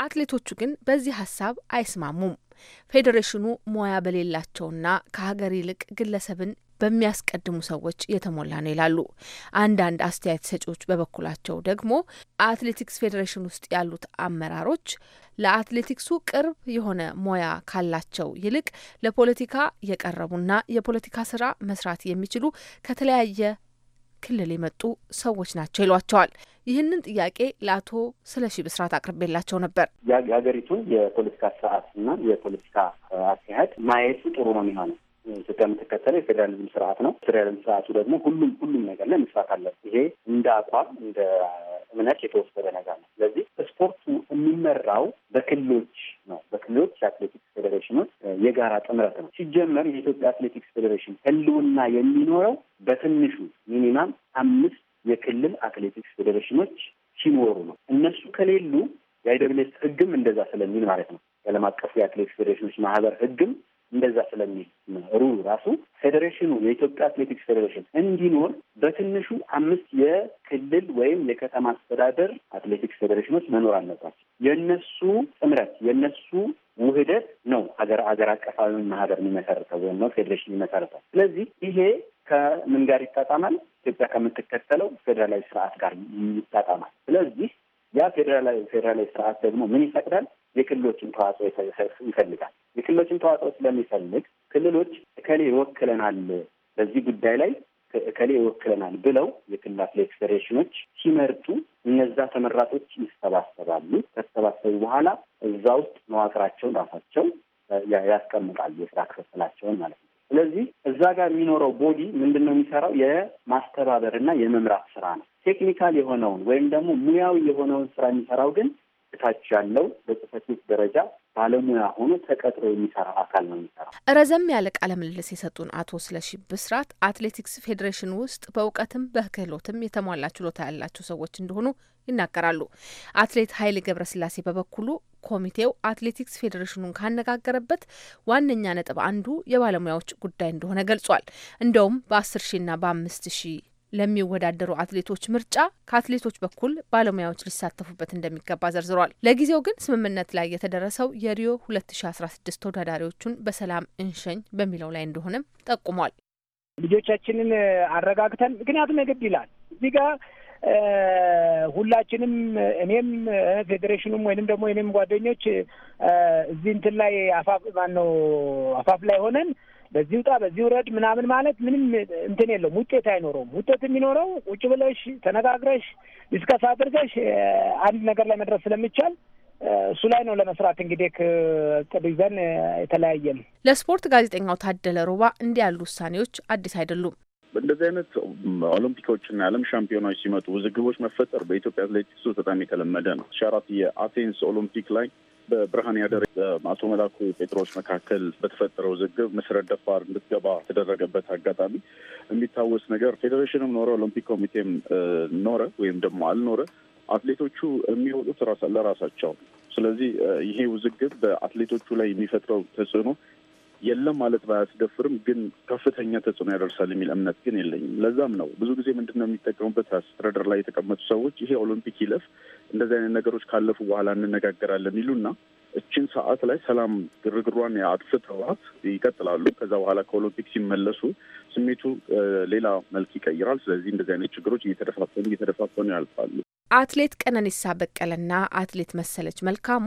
አትሌቶቹ ግን በዚህ ሀሳብ አይስማሙም። ፌዴሬሽኑ ሙያ በሌላቸውና ከሀገር ይልቅ ግለሰብን በሚያስቀድሙ ሰዎች የተሞላ ነው ይላሉ። አንዳንድ አስተያየት ሰጪዎች በበኩላቸው ደግሞ አትሌቲክስ ፌዴሬሽን ውስጥ ያሉት አመራሮች ለአትሌቲክሱ ቅርብ የሆነ ሙያ ካላቸው ይልቅ ለፖለቲካ የቀረቡና የፖለቲካ ስራ መስራት የሚችሉ ከተለያየ ክልል የመጡ ሰዎች ናቸው ይሏቸዋል። ይህንን ጥያቄ ለአቶ ስለሺ ብስራት አቅርቤላቸው ነበር። የሀገሪቱን የፖለቲካ ስርዓትና የፖለቲካ አካሄድ ማየቱ ጥሩ ነው የሚሆነው ኢትዮጵያ የምትከተለው የፌዴራሊዝም ስርዓት ነው። ፌዴራሊዝም ስርዓቱ ደግሞ ሁሉም ሁሉም ነገር ላይ መስራት አለ። ይሄ እንደ አቋም እንደ እምነት የተወሰደ ነገር ነው። ስለዚህ ስፖርቱ የሚመራው በክልሎች ነው። በክልሎች የአትሌቲክስ ፌዴሬሽኖች የጋራ ጥምረት ነው። ሲጀመር የኢትዮጵያ አትሌቲክስ ፌዴሬሽን ህልውና የሚኖረው በትንሹ ሚኒማም አምስት የክልል አትሌቲክስ ፌዴሬሽኖች ሲኖሩ ነው። እነሱ ከሌሉ የአይደብሌስ ህግም እንደዛ ስለሚል ማለት ነው። የዓለም አቀፉ የአትሌቲክስ ፌዴሬሽኖች ማህበር ህግም እንደዛ ስለሚል ሩሉ ራሱ ፌዴሬሽኑ የኢትዮጵያ አትሌቲክስ ፌዴሬሽን እንዲኖር በትንሹ አምስት የክልል ወይም የከተማ አስተዳደር አትሌቲክስ ፌዴሬሽኖች መኖር አለባቸው። የእነሱ ጥምረት የእነሱ ውህደት ነው ሀገር ሀገር አቀፋዊ ማህበር የሚመሰርተው ወይም ነው ፌዴሬሽን የሚመሰርተው። ስለዚህ ይሄ ከምን ጋር ይጣጣማል? ኢትዮጵያ ከምትከተለው ፌዴራላዊ ስርዓት ጋር ይጣጣማል። ስለዚህ ያ ፌዴራላዊ ፌዴራላዊ ስርዓት ደግሞ ምን ይፈቅዳል? የክልሎችን ተዋጽኦ ይፈልጋል። የክልሎችን ተዋጽኦ ስለሚፈልግ ክልሎች እከሌ ይወክለናል፣ በዚህ ጉዳይ ላይ እከሌ ይወክለናል ብለው የክልል አትሌቲክስ ፌዴሬሽኖች ሲመርጡ እነዛ ተመራጮች ይሰባሰባሉ። ከተሰባሰቡ በኋላ እዛ ውስጥ መዋቅራቸውን ራሳቸው ያስቀምጣሉ፣ የስራ ክፍፍላቸውን ማለት ነው። ስለዚህ እዛ ጋር የሚኖረው ቦዲ ምንድን ነው የሚሰራው? የማስተባበር እና የመምራት ስራ ነው። ቴክኒካል የሆነውን ወይም ደግሞ ሙያዊ የሆነውን ስራ የሚሰራው ግን እታች ያለው በጽህፈት ቤት ደረጃ ባለሙያ ሆኖ ተቀጥሮ የሚሰራ አካል ነው የሚሰራ። ረዘም ያለ ቃለ ምልልስ የሰጡን አቶ ስለሺ ብስራት አትሌቲክስ ፌዴሬሽን ውስጥ በእውቀትም በክህሎትም የተሟላ ችሎታ ያላቸው ሰዎች እንደሆኑ ይናገራሉ። አትሌት ኃይሌ ገብረስላሴ በበኩሉ ኮሚቴው አትሌቲክስ ፌዴሬሽኑን ካነጋገረበት ዋነኛ ነጥብ አንዱ የባለሙያዎች ጉዳይ እንደሆነ ገልጿል። እንደውም በአስር ሺና በአምስት ሺህ ለሚወዳደሩ አትሌቶች ምርጫ ከአትሌቶች በኩል ባለሙያዎች ሊሳተፉበት እንደሚገባ ዘርዝሯል። ለጊዜው ግን ስምምነት ላይ የተደረሰው የሪዮ 2016 ተወዳዳሪዎቹን በሰላም እንሸኝ በሚለው ላይ እንደሆነም ጠቁሟል። ልጆቻችንን አረጋግተን ምክንያቱም የግድ ይላል እዚህ ጋር ሁላችንም እኔም ፌዴሬሽኑም ወይንም ደግሞ እኔም ጓደኞች እዚህ እንትን ላይ አፋፍ ማነው አፋፍ ላይ ሆነን በዚህ ውጣ በዚህ ውረድ ምናምን ማለት ምንም እንትን የለውም፣ ውጤት አይኖረውም። ውጤት የሚኖረው ቁጭ ብለሽ ተነጋግረሽ ዲስከስ አድርገሽ አንድ ነገር ላይ መድረስ ስለሚቻል እሱ ላይ ነው ለመስራት እንግዲህ እቅድ ይዘን የተለያየን። ለስፖርት ጋዜጠኛው ታደለ ሮባ እንዲህ ያሉ ውሳኔዎች አዲስ አይደሉም። እንደዚህ አይነት ኦሎምፒኮችና የዓለም ሻምፒዮናዎች ሲመጡ ውዝግቦች መፈጠር በኢትዮጵያ አትሌቲክሱ በጣም የተለመደ ነው። ሺ አራት የአቴንስ ኦሎምፒክ ላይ በብርሃን ያደር አቶ መላኩ ጴጥሮስ መካከል በተፈጠረው ዝግብ መሰረት ደፋር እንድትገባ የተደረገበት አጋጣሚ የሚታወስ ነገር ፌዴሬሽንም ኖረ ኦሎምፒክ ኮሚቴም ኖረ ወይም ደግሞ አልኖረ አትሌቶቹ የሚወጡት ለራሳቸው። ስለዚህ ይሄ ውዝግብ በአትሌቶቹ ላይ የሚፈጥረው ተጽዕኖ የለም ማለት ባያስደፍርም ግን ከፍተኛ ተጽዕኖ ያደርሳል የሚል እምነት ግን የለኝም። ለዛም ነው ብዙ ጊዜ ምንድን ነው የሚጠቀሙበት አስተዳደር ላይ የተቀመጡ ሰዎች ይሄ ኦሎምፒክ ይለፍ እንደዚህ አይነት ነገሮች ካለፉ በኋላ እንነጋገራለን ይሉና እችን ሰዓት ላይ ሰላም ግርግሯን አጥፍተዋት ይቀጥላሉ። ከዛ በኋላ ከኦሎምፒክ ሲመለሱ ስሜቱ ሌላ መልክ ይቀይራል። ስለዚህ እንደዚህ አይነት ችግሮች እየተደፋፈኑ እየተደፋፈኑ ያልፋሉ። አትሌት ቀነኒሳ በቀለና አትሌት መሰለች መልካሙ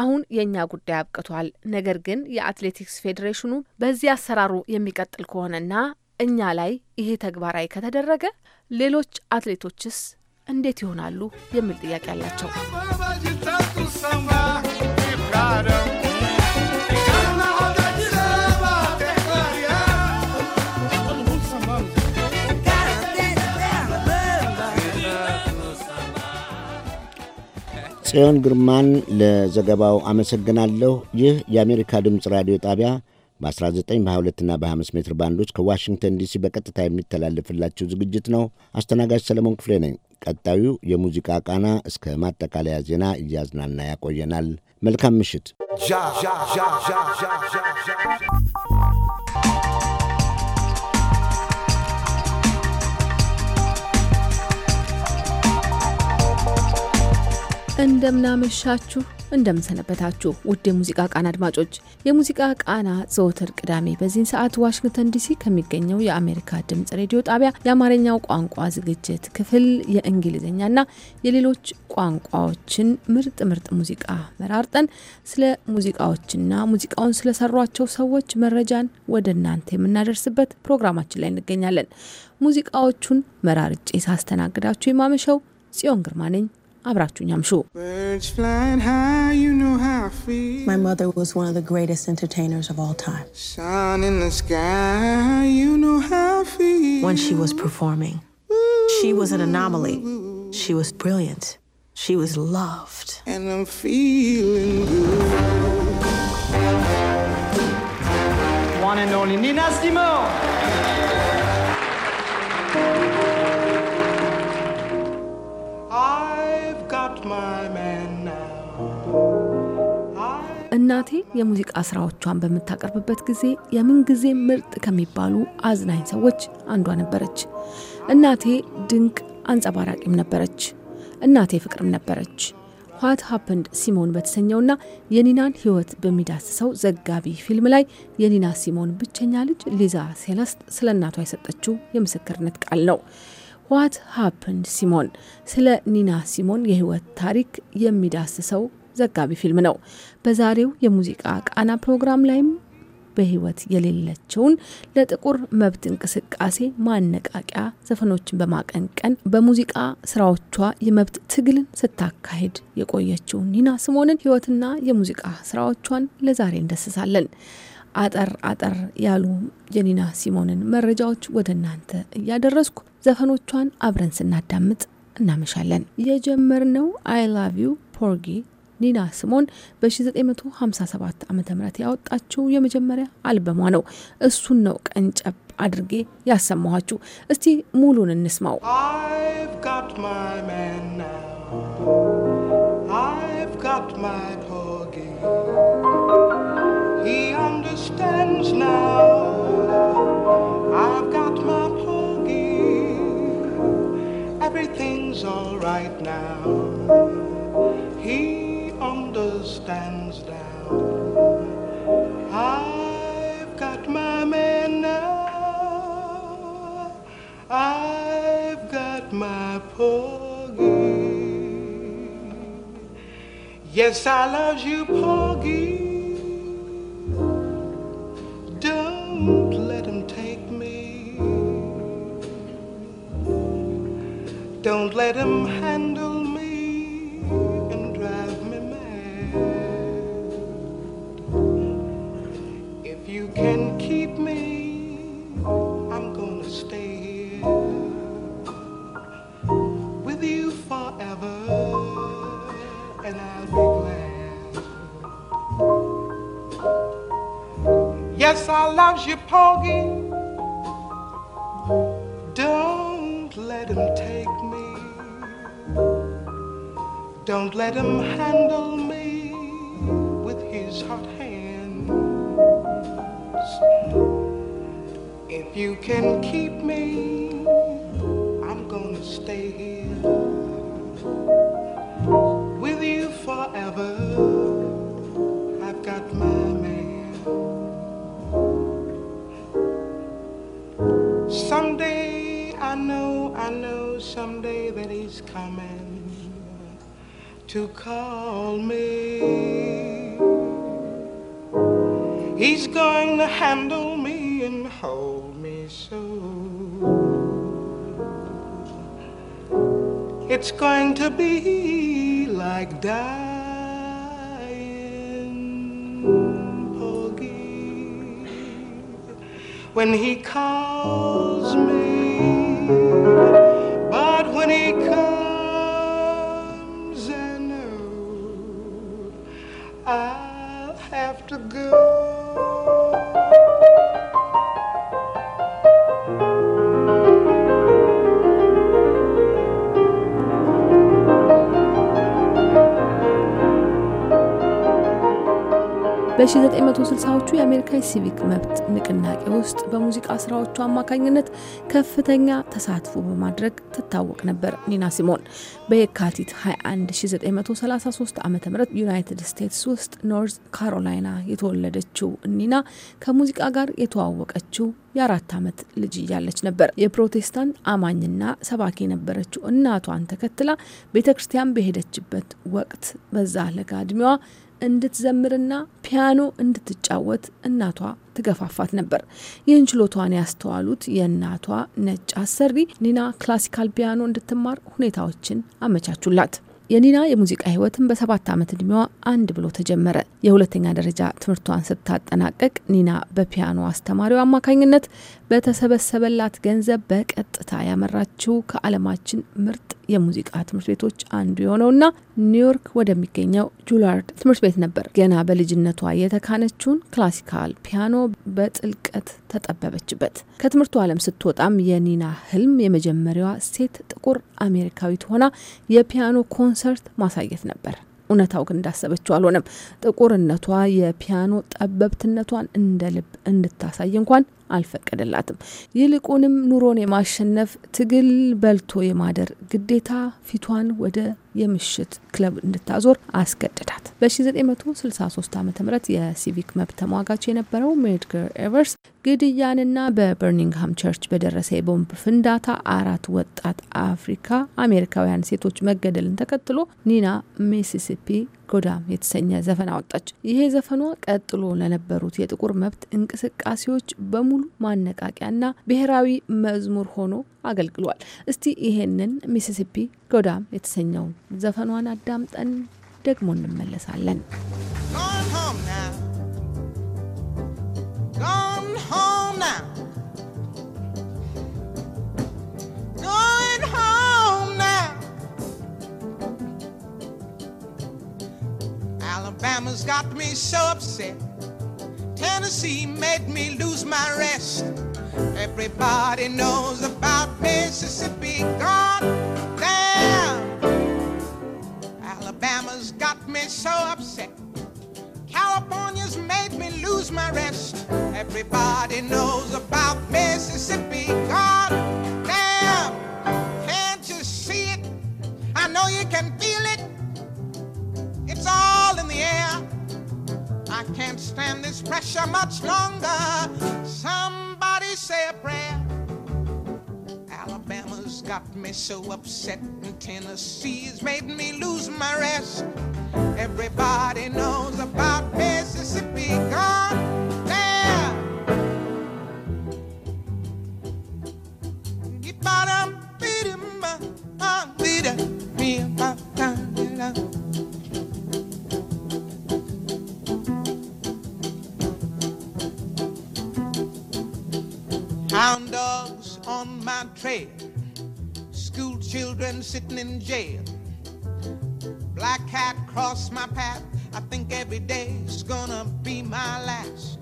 አሁን የእኛ ጉዳይ አብቅቷል፣ ነገር ግን የአትሌቲክስ ፌዴሬሽኑ በዚህ አሰራሩ የሚቀጥል ከሆነና እኛ ላይ ይሄ ተግባራዊ ከተደረገ ሌሎች አትሌቶችስ እንዴት ይሆናሉ የሚል ጥያቄ አላቸው። ጽዮን ግርማን ለዘገባው አመሰግናለሁ። ይህ የአሜሪካ ድምፅ ራዲዮ ጣቢያ በ19 በ22ና በ25 ሜትር ባንዶች ከዋሽንግተን ዲሲ በቀጥታ የሚተላለፍላቸው ዝግጅት ነው። አስተናጋጅ ሰለሞን ክፍሌ ነኝ። ቀጣዩ የሙዚቃ ቃና እስከ ማጠቃለያ ዜና እያዝናና ያቆየናል። መልካም ምሽት። እንደምናመሻችሁ እንደምንሰነበታችሁ ውድ የሙዚቃ ቃና አድማጮች፣ የሙዚቃ ቃና ዘወትር ቅዳሜ በዚህን ሰዓት ዋሽንግተን ዲሲ ከሚገኘው የአሜሪካ ድምጽ ሬዲዮ ጣቢያ የአማርኛው ቋንቋ ዝግጅት ክፍል የእንግሊዝኛና የሌሎች ቋንቋዎችን ምርጥ ምርጥ ሙዚቃ መራርጠን ስለ ሙዚቃዎችና ሙዚቃውን ስለሰሯቸው ሰዎች መረጃን ወደ እናንተ የምናደርስበት ፕሮግራማችን ላይ እንገኛለን። ሙዚቃዎቹን መራርጬ ሳስተናግዳችሁ የማመሸው ጽዮን ግርማ ነኝ። My mother was one of the greatest entertainers of all time. When she was performing, she was an anomaly. She was brilliant. She was loved. And I'm feeling good. One and only Nina Simone. I እናቴ የሙዚቃ ስራዎቿን በምታቀርብበት ጊዜ የምንጊዜ ምርጥ ከሚባሉ አዝናኝ ሰዎች አንዷ ነበረች። እናቴ ድንቅ አንጸባራቂም ነበረች። እናቴ ፍቅርም ነበረች። ዋት ሀፕንድ ሲሞን በተሰኘውና የኒናን ሕይወት በሚዳስሰው ዘጋቢ ፊልም ላይ የኒና ሲሞን ብቸኛ ልጅ ሊዛ ሴለስት ስለ እናቷ የሰጠችው የምስክርነት ቃል ነው። ዋት ሀፕንድ ሲሞን ስለ ኒና ሲሞን የህይወት ታሪክ የሚዳስሰው ዘጋቢ ፊልም ነው። በዛሬው የሙዚቃ ቃና ፕሮግራም ላይም በህይወት የሌለችውን ለጥቁር መብት እንቅስቃሴ ማነቃቂያ ዘፈኖችን በማቀንቀን በሙዚቃ ስራዎቿ የመብት ትግልን ስታካሄድ የቆየችው ኒና ሲሞንን ህይወትና የሙዚቃ ስራዎቿን ለዛሬ እንደስሳለን። አጠር አጠር ያሉ ጀኒና ሲሞንን መረጃዎች ወደ እናንተ እያደረስኩ ዘፈኖቿን አብረን ስናዳምጥ እናመሻለን። የጀመርነው አይ ላቭ ዩ ፖርጊ ኒና ሲሞን በ1957 ዓ ም ያወጣችው የመጀመሪያ አልበሟ ነው። እሱን ነው ቀንጨብ አድርጌ ያሰማኋችሁ። እስቲ ሙሉን እንስማው። I've got my He understands now. I've got my poggy. Everything's alright now. He understands now. I've got my man now. I've got my poggy. Yes, I love you, Poggy. Don't let him handle me and drive me mad. If you can keep me. him handle me with his hot hands. If you can keep when he comes. በ1960ዎቹ የአሜሪካ ሲቪክ መብት ንቅናቄ ውስጥ በሙዚቃ ስራዎቹ አማካኝነት ከፍተኛ ተሳትፎ በማድረግ ትታወቅ ነበር። ኒና ሲሞን በየካቲት 21 1933 ዓ ም ዩናይትድ ስቴትስ ውስጥ ኖርዝ ካሮላይና የተወለደችው ኒና ከሙዚቃ ጋር የተዋወቀችው የአራት ዓመት ልጅ እያለች ነበር። የፕሮቴስታንት አማኝና ሰባኪ የነበረችው እናቷን ተከትላ ቤተ ክርስቲያን በሄደችበት ወቅት በዛ ለጋ እድሜዋ እንድትዘምርና ፒያኖ እንድትጫወት እናቷ ትገፋፋት ነበር። ይህን ችሎቷን ያስተዋሉት የእናቷ ነጭ አሰሪ ኒና ክላሲካል ፒያኖ እንድትማር ሁኔታዎችን አመቻቹላት። የኒና የሙዚቃ ህይወትን በሰባት ዓመት እድሜዋ አንድ ብሎ ተጀመረ። የሁለተኛ ደረጃ ትምህርቷን ስታጠናቀቅ ኒና በፒያኖ አስተማሪው አማካኝነት በተሰበሰበላት ገንዘብ በቀጥታ ያመራችው ከዓለማችን ምርጥ የሙዚቃ ትምህርት ቤቶች አንዱ የሆነውና ኒውዮርክ ወደሚገኘው ጁላርድ ትምህርት ቤት ነበር። ገና በልጅነቷ የተካነችውን ክላሲካል ፒያኖ በጥልቀት ተጠበበችበት። ከትምህርቱ ዓለም ስትወጣም የኒና ህልም የመጀመሪያዋ ሴት ጥቁር አሜሪካዊት ሆና የፒያኖ ኮንሰርት ማሳየት ነበር። እውነታው ግን እንዳሰበችው አልሆነም። ጥቁርነቷ የፒያኖ ጠበብትነቷን እንደ ልብ እንድታሳይ እንኳን አልፈቀደላትም። ይልቁንም ኑሮን የማሸነፍ ትግል በልቶ የማደር ግዴታ ፊቷን ወደ የምሽት ክለብ እንድታዞር አስገድዳት። በ1963 ዓ ም የሲቪክ መብት ተሟጋች የነበረው ሜድገር ኤቨርስ ግድያንና በበርኒንግሃም ቸርች በደረሰ የቦምብ ፍንዳታ አራት ወጣት አፍሪካ አሜሪካውያን ሴቶች መገደልን ተከትሎ ኒና ሚሲሲፒ ጎዳም የተሰኘ ዘፈን አወጣች። ይሄ ዘፈኗ ቀጥሎ ለነበሩት የጥቁር መብት እንቅስቃሴዎች በሙሉ ማነቃቂያና ብሔራዊ መዝሙር ሆኖ አገልግሏል። እስቲ ይሄንን ሚሲሲፒ ጎዳም የተሰኘውን ዘፈኗን አዳምጠን ደግሞ እንመለሳለን። Gone home now. Gone home. Alabama's got me so upset. Tennessee made me lose my rest. Everybody knows about Mississippi God Alabama's got me so upset. California's made me lose my rest. Everybody knows about Mississippi God Can't you see it? I know you can feel it. can't stand this pressure much longer. Somebody say a prayer. Alabama's got me so upset, and Tennessee's made me lose my rest. Everybody knows about Mississippi gone. trail. School children sitting in jail. Black cat crossed my path. I think every day's gonna be my last.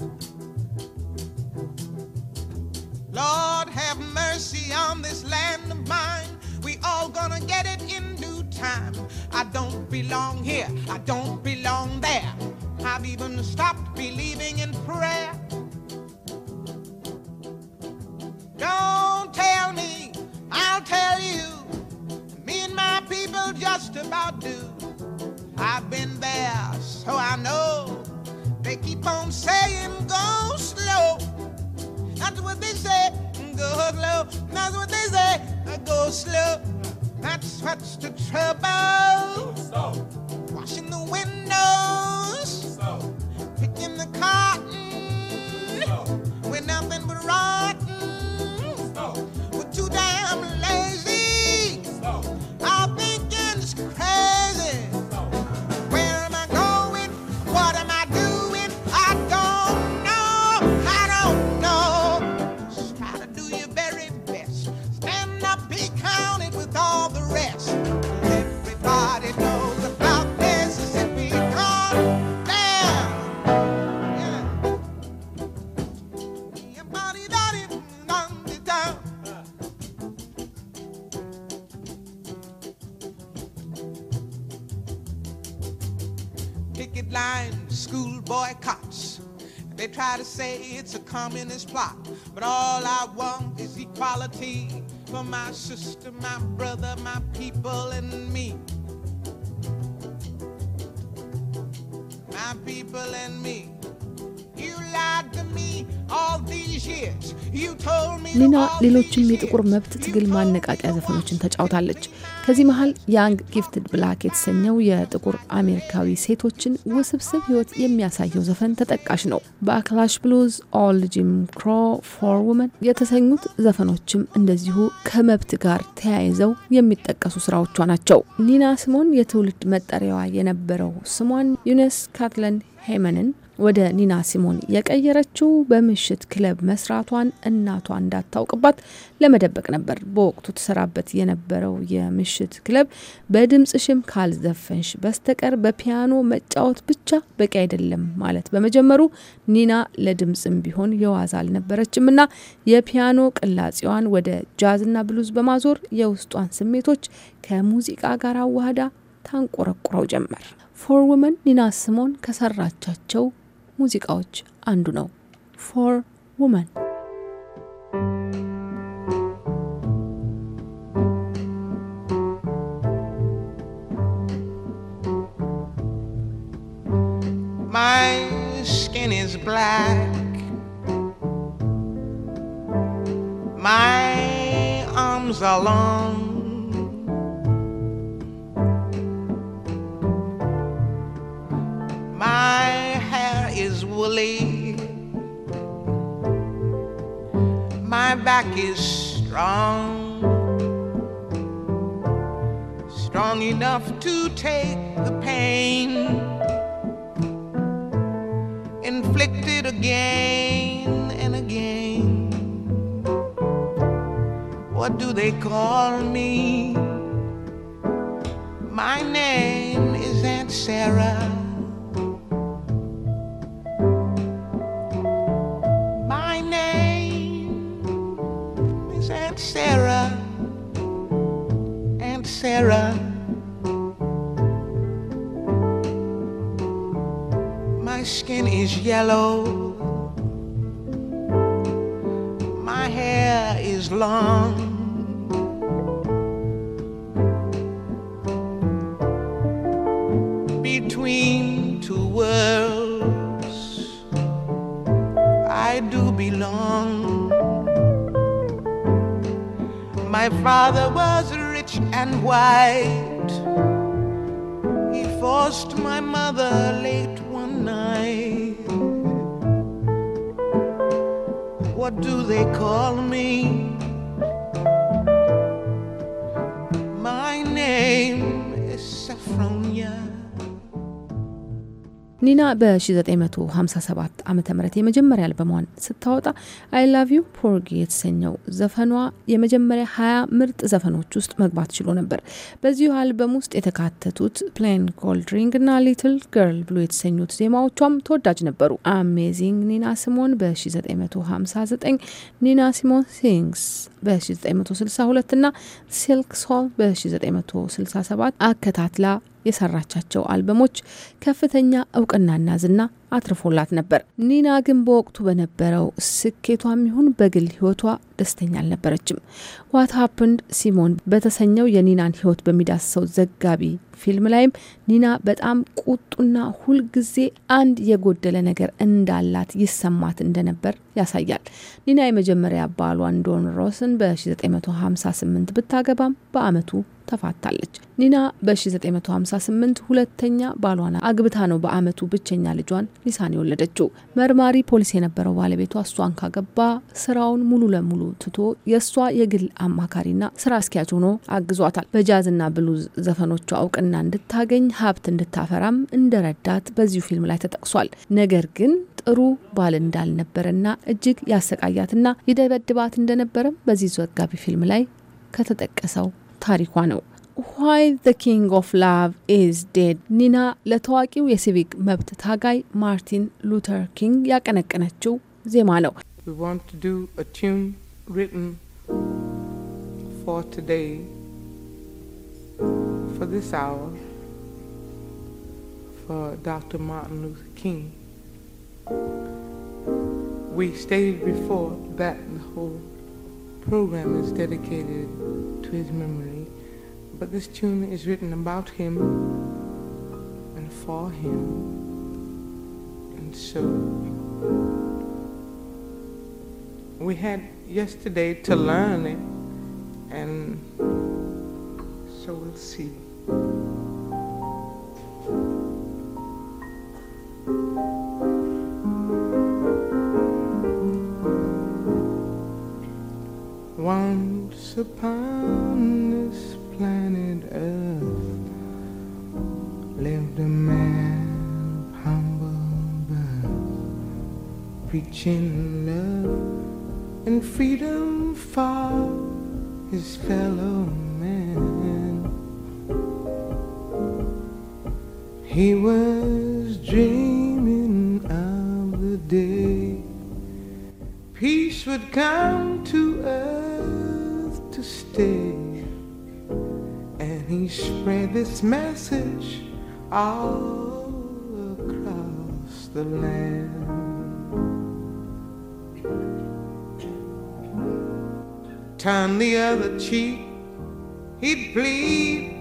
Lord, have mercy on this land of mine. We all gonna get it in due time. I don't belong here. I don't belong there. I've even stopped believing in prayer. Don't tell me, I'll tell you. Me and my people just about do. I've been there, so I know. They keep on saying go slow. That's what they say, go slow. That's what they say, go slow. That's what's the trouble. it's a communist plot. But all I want is equality for my sister, my brother, my people, and me. My people and me. ሊና ሌሎችም የጥቁር መብት ትግል ማነቃቂያ ዘፈኖችን ተጫውታለች። ከዚህ መሀል ያንግ ጊፍትድ ብላክ የተሰኘው የጥቁር አሜሪካዊ ሴቶችን ውስብስብ ህይወት የሚያሳየው ዘፈን ተጠቃሽ ነው። በአክላሽ ብሉዝ፣ ኦልድ ጂም ክሮ፣ ፎር ውመን የተሰኙት ዘፈኖችም እንደዚሁ ከመብት ጋር ተያይዘው የሚጠቀሱ ስራዎቿ ናቸው። ኒና ስሞን የትውልድ መጠሪያዋ የነበረው ስሟን ዩነስ ካትለን ሄመንን ወደ ኒና ሲሞን የቀየረችው በምሽት ክለብ መስራቷን እናቷ እንዳታውቅባት ለመደበቅ ነበር። በወቅቱ ተሰራበት የነበረው የምሽት ክለብ በድምጽ ሽም ካልዘፈንሽ በስተቀር በፒያኖ መጫወት ብቻ በቂ አይደለም ማለት በመጀመሩ ኒና ለድምጽም ቢሆን የዋዛ አልነበረችም እና የፒያኖ ቅላጼዋን ወደ ጃዝና ብሉዝ በማዞር የውስጧን ስሜቶች ከሙዚቃ ጋር አዋህዳ ታንቆረቁረው ጀመር። ፎር ውመን ኒና ሲሞን ከሰራቻቸው ሙዚቃዎች አንዱ ነው። ፎር ውመን My skin is black. My arms are long. My back is strong, strong enough to take the pain inflicted again and again. What do they call me? My name is Aunt Sarah. Sarah and Sarah. My skin is yellow. My hair is long. white. He forced my mother late one night. What do they call me? ኒና በ1957 ዓ ም የመጀመሪያ አልበሟን ስታወጣ አይ ላቭ ዩ ፖርጊ የተሰኘው ዘፈኗ የመጀመሪያ 20 ምርጥ ዘፈኖች ውስጥ መግባት ችሎ ነበር። በዚሁ አልበም ውስጥ የተካተቱት ፕሌን ኮልድሪንግ እና ሊትል ገርል ብሎ የተሰኙት ዜማዎቿም ተወዳጅ ነበሩ። አሜዚንግ ኒና ሲሞን በ1959፣ ኒና ሲሞን ሲንግስ በ1962 እና ሲልክ ሶል በ1967 አከታትላ የሰራቻቸው አልበሞች ከፍተኛ እውቅናና ዝና አትርፎላት ነበር። ኒና ግን በወቅቱ በነበረው ስኬቷም ይሁን በግል ሕይወቷ ደስተኛ አልነበረችም። ዋት ሀፕንድ ሲሞን በተሰኘው የኒናን ሕይወት በሚዳስሰው ዘጋቢ ፊልም ላይም ኒና በጣም ቁጡና ሁልጊዜ አንድ የጎደለ ነገር እንዳላት ይሰማት እንደነበር ያሳያል። ኒና የመጀመሪያ ባሏን ዶን ሮስን በ1958 ብታገባም በአመቱ ተፋታለች። ኒና በ1958 ሁለተኛ ባሏን አግብታ ነው በአመቱ ብቸኛ ልጇን ሊሳን የወለደችው። መርማሪ ፖሊስ የነበረው ባለቤቷ እሷን ካገባ ስራውን ሙሉ ለሙሉ ትቶ የእሷ የግል አማካሪና ስራ አስኪያጅ ሆኖ አግዟታል። በጃዝና ብሉዝ ዘፈኖቿ እውቅና እንድታገኝ ሀብት እንድታፈራም እንደረዳት በዚሁ ፊልም ላይ ተጠቅሷል። ነገር ግን ጥሩ ባል እንዳልነበረና እጅግ ያሰቃያትና ይደበድባት እንደነበረም በዚህ ዘጋቢ ፊልም ላይ ከተጠቀሰው ታሪኳ ነው። ዋይ ዘ ኪንግ ኦፍ ላቭ ኢዝ ዴድ ኒና ለታዋቂው የሲቪክ መብት ታጋይ ማርቲን ሉተር ኪንግ ያቀነቀነችው ዜማ ነው። We stayed before that the whole program is dedicated to his memory, but this tune is written about him and for him. And so we had yesterday to learn it, and so we'll see. Thank you. Once upon this planet Earth lived a man of humble birth, preaching love and freedom for his fellow man. He was dreaming of the day peace would come to us. And he spread this message all across the land. Turn the other cheek, he'd plead.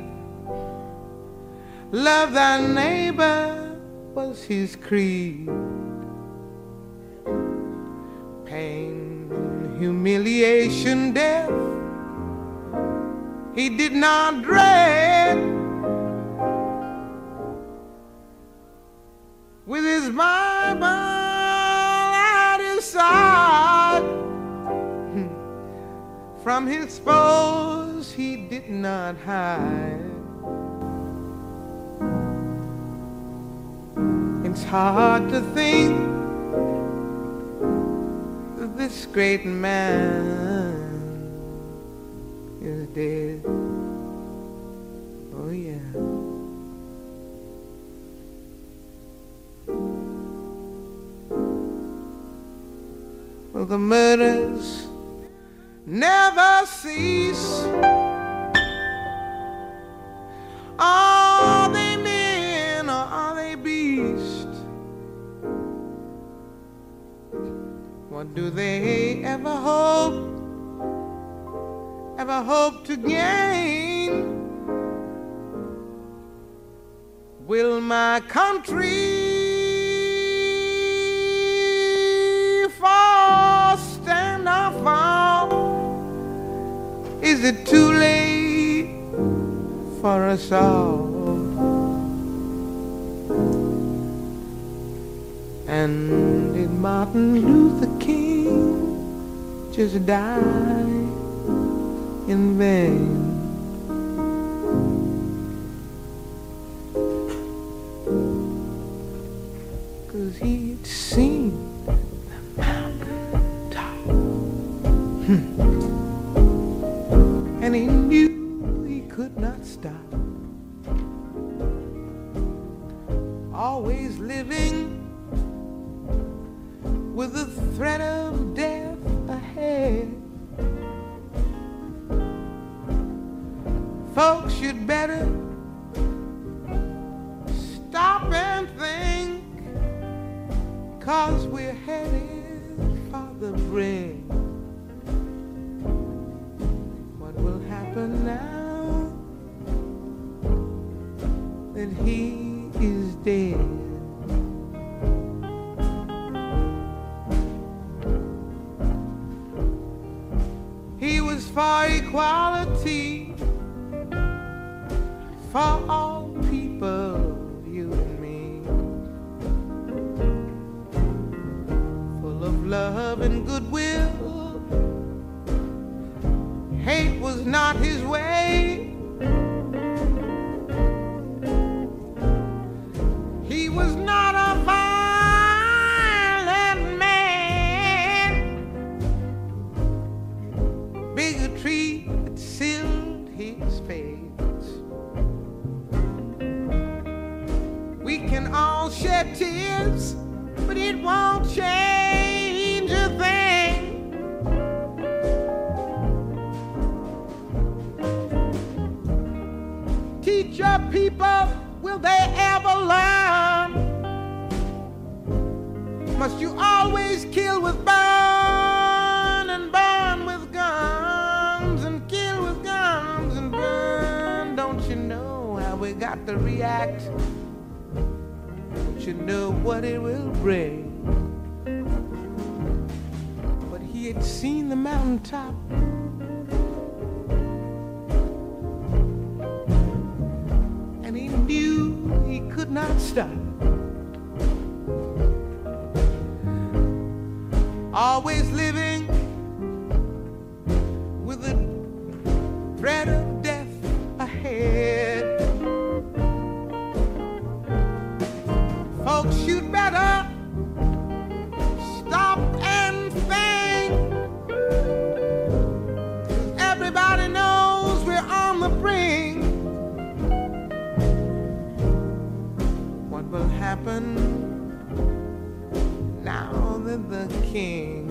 Love thy neighbor was his creed. Pain, humiliation, death he did not dread. With his Bible at his side, from his foes he did not hide. It's hard to think that this great man is dead. Oh yeah. the murders never cease. Are they men or are they beasts? What do they ever hope? ever hope to gain. Will my country fall, stand or fall? Is it too late for us all? And did Martin Luther King just die? in vain. Cause he'd seen the mountain top. Hmm. got to react. But you know what it will bring. But he had seen the mountaintop. And he knew he could not stop. Always king.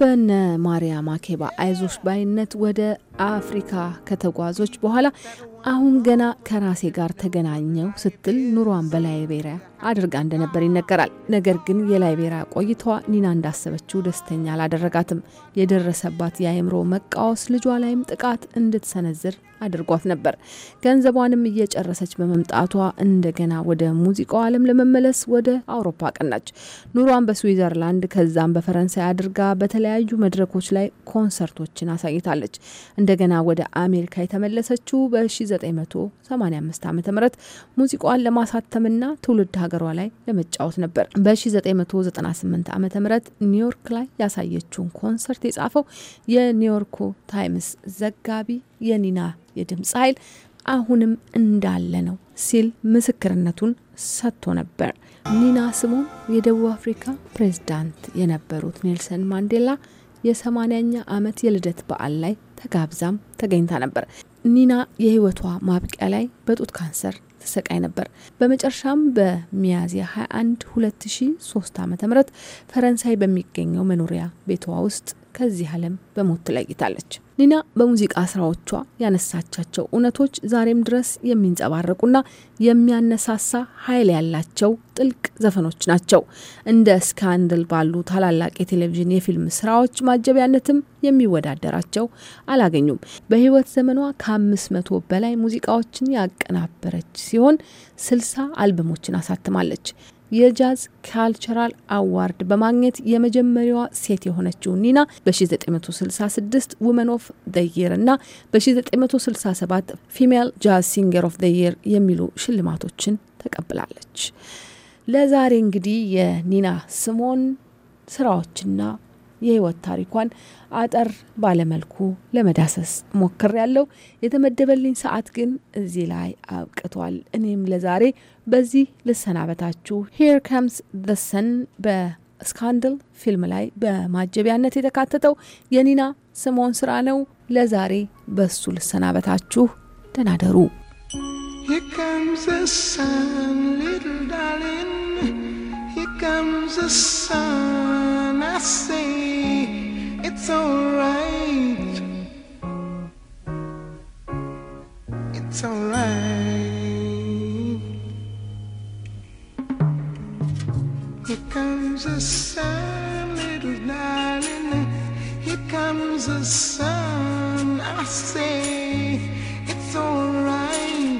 በነ ማርያም አኬባ አይዞሽ ባይነት ወደ አፍሪካ ከተጓዞች በኋላ አሁን ገና ከራሴ ጋር ተገናኘው ስትል ኑሯን በላይቤሪያ አድርጋ እንደነበር ይነገራል። ነገር ግን የላይቤሪያ ቆይታዋ ኒና እንዳሰበችው ደስተኛ አላደረጋትም። የደረሰባት የአእምሮ መቃወስ ልጇ ላይም ጥቃት እንድትሰነዝር አድርጓት ነበር። ገንዘቧንም እየጨረሰች በመምጣቷ እንደገና ወደ ሙዚቃው ዓለም ለመመለስ ወደ አውሮፓ ቀናች። ኑሯን በስዊዘርላንድ ከዛም በፈረንሳይ አድርጋ በተለያዩ መድረኮች ላይ ኮንሰርቶችን አሳይታለች። እንደገና ወደ አሜሪካ የተመለሰችው በ 1985 ዓ ም ሙዚቋን ለማሳተምና ትውልድ ሀገሯ ላይ ለመጫወት ነበር። በ1998 ዓ ም ኒውዮርክ ላይ ያሳየችውን ኮንሰርት የጻፈው የኒውዮርኩ ታይምስ ዘጋቢ የኒና የድምፅ ኃይል አሁንም እንዳለ ነው ሲል ምስክርነቱን ሰጥቶ ነበር። ኒና ስሞን የደቡብ አፍሪካ ፕሬዝዳንት የነበሩት ኔልሰን ማንዴላ የ80ኛ ዓመት የልደት በዓል ላይ ተጋብዛም ተገኝታ ነበር። ኒና የህይወቷ ማብቂያ ላይ በጡት ካንሰር ተሰቃይ ነበር። በመጨረሻም በሚያዝያ 21 2003 ዓ ም ፈረንሳይ በሚገኘው መኖሪያ ቤቷ ውስጥ ከዚህ ዓለም በሞት ትለይታለች። ኒና በሙዚቃ ስራዎቿ ያነሳቻቸው እውነቶች ዛሬም ድረስ የሚንጸባረቁና የሚያነሳሳ ኃይል ያላቸው ጥልቅ ዘፈኖች ናቸው። እንደ ስካንድል ባሉ ታላላቅ የቴሌቪዥን የፊልም ስራዎች ማጀቢያነትም የሚወዳደራቸው አላገኙም። በህይወት ዘመኗ ከአምስት መቶ በላይ ሙዚቃዎችን ያቀናበረች ሲሆን ስልሳ አልበሞችን አሳትማለች። የጃዝ ካልቸራል አዋርድ በማግኘት የመጀመሪያዋ ሴት የሆነችው ኒና በ1966 ውመን ኦፍ ዘ የር እና በ1967 ፊሜል ጃዝ ሲንገር ኦፍ ዘ የር የሚሉ ሽልማቶችን ተቀብላለች። ለዛሬ እንግዲህ የኒና ስሞን ስራዎችና የህይወት ታሪኳን አጠር ባለመልኩ ለመዳሰስ ሞክር ያለው የተመደበልኝ ሰዓት ግን እዚህ ላይ አብቅቷል። እኔም ለዛሬ በዚህ ልሰናበታችሁ። ሄር ከምስ ዘ ሰን በስካንድል ፊልም ላይ በማጀቢያነት የተካተተው የኒና ስሞን ስራ ነው። ለዛሬ በሱ ልሰናበታችሁ። ደናደሩ Here comes the sun, little darling. comes the sun, I say it's alright. It's alright. Here comes the sun, little darling. Here comes the sun, I say it's alright.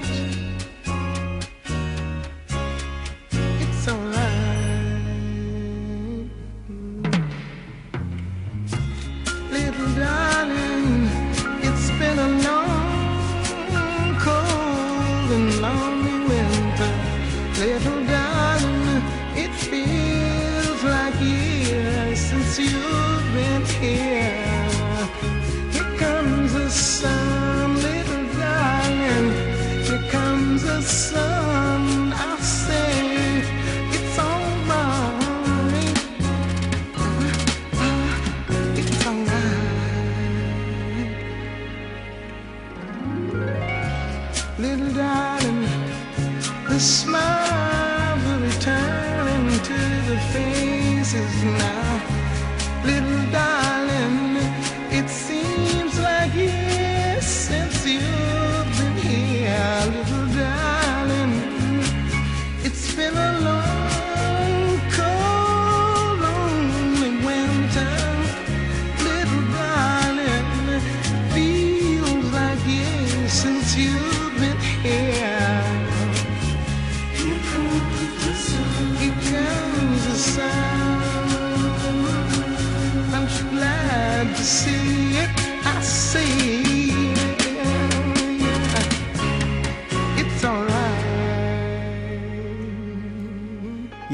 little darling. The smile will return into the faces now, little darling.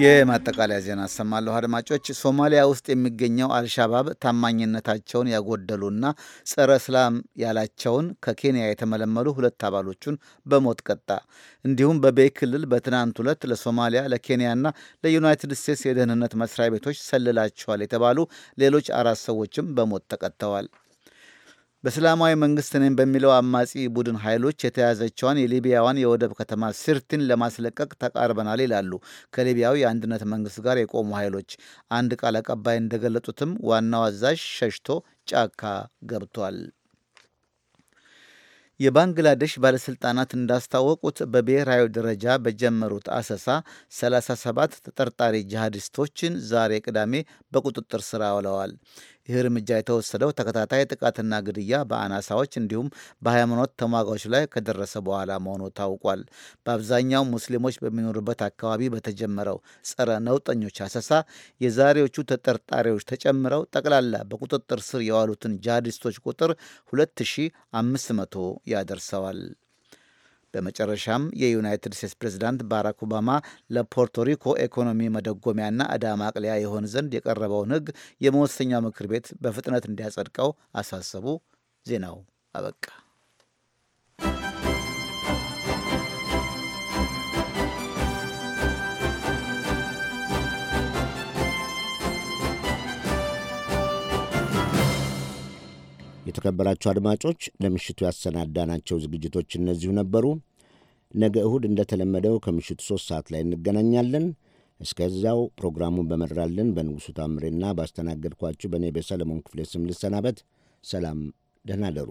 የማጠቃለያ ዜና አሰማለሁ። አድማጮች፣ ሶማሊያ ውስጥ የሚገኘው አልሻባብ ታማኝነታቸውን ያጎደሉና ጸረ እስላም ያላቸውን ከኬንያ የተመለመሉ ሁለት አባሎቹን በሞት ቀጣ። እንዲሁም በቤይ ክልል በትናንት ሁለት ለሶማሊያ ለኬንያና ለዩናይትድ ስቴትስ የደህንነት መስሪያ ቤቶች ሰልላቸዋል የተባሉ ሌሎች አራት ሰዎችም በሞት ተቀጥተዋል። በእስላማዊ መንግስት ነኝ በሚለው አማጺ ቡድን ኃይሎች የተያዘችዋን የሊቢያዋን የወደብ ከተማ ሲርቲን ለማስለቀቅ ተቃርበናል ይላሉ ከሊቢያው የአንድነት መንግስት ጋር የቆሙ ኃይሎች። አንድ ቃል አቀባይ እንደገለጡትም ዋናው አዛዥ ሸሽቶ ጫካ ገብቷል። የባንግላዴሽ ባለሥልጣናት እንዳስታወቁት በብሔራዊ ደረጃ በጀመሩት አሰሳ 37 ተጠርጣሪ ጂሃዲስቶችን ዛሬ ቅዳሜ በቁጥጥር ስር አውለዋል። ይህ እርምጃ የተወሰደው ተከታታይ ጥቃትና ግድያ በአናሳዎች እንዲሁም በሃይማኖት ተሟጋዎች ላይ ከደረሰ በኋላ መሆኑ ታውቋል። በአብዛኛው ሙስሊሞች በሚኖሩበት አካባቢ በተጀመረው ጸረ ነውጠኞች አሰሳ የዛሬዎቹ ተጠርጣሪዎች ተጨምረው ጠቅላላ በቁጥጥር ስር የዋሉትን ጂሃዲስቶች ቁጥር 2500 ያደርሰዋል። በመጨረሻም የዩናይትድ ስቴትስ ፕሬዚዳንት ባራክ ኦባማ ለፖርቶሪኮ ኢኮኖሚ መደጎሚያና ዕዳ ማቅለያ የሆን ዘንድ የቀረበውን ሕግ የመወሰኛው ምክር ቤት በፍጥነት እንዲያጸድቀው አሳሰቡ። ዜናው አበቃ። የተከበራችሁ አድማጮች ለምሽቱ ያሰናዳናቸው ዝግጅቶች እነዚሁ ነበሩ። ነገ እሁድ እንደተለመደው ከምሽቱ ሶስት ሰዓት ላይ እንገናኛለን። እስከዚያው ፕሮግራሙን በመራልን በንጉሡ ታምሬና ባስተናገድኳችሁ በእኔ በሰለሞን ክፍሌ ስም ልሰናበት። ሰላም፣ ደህና ደሩ።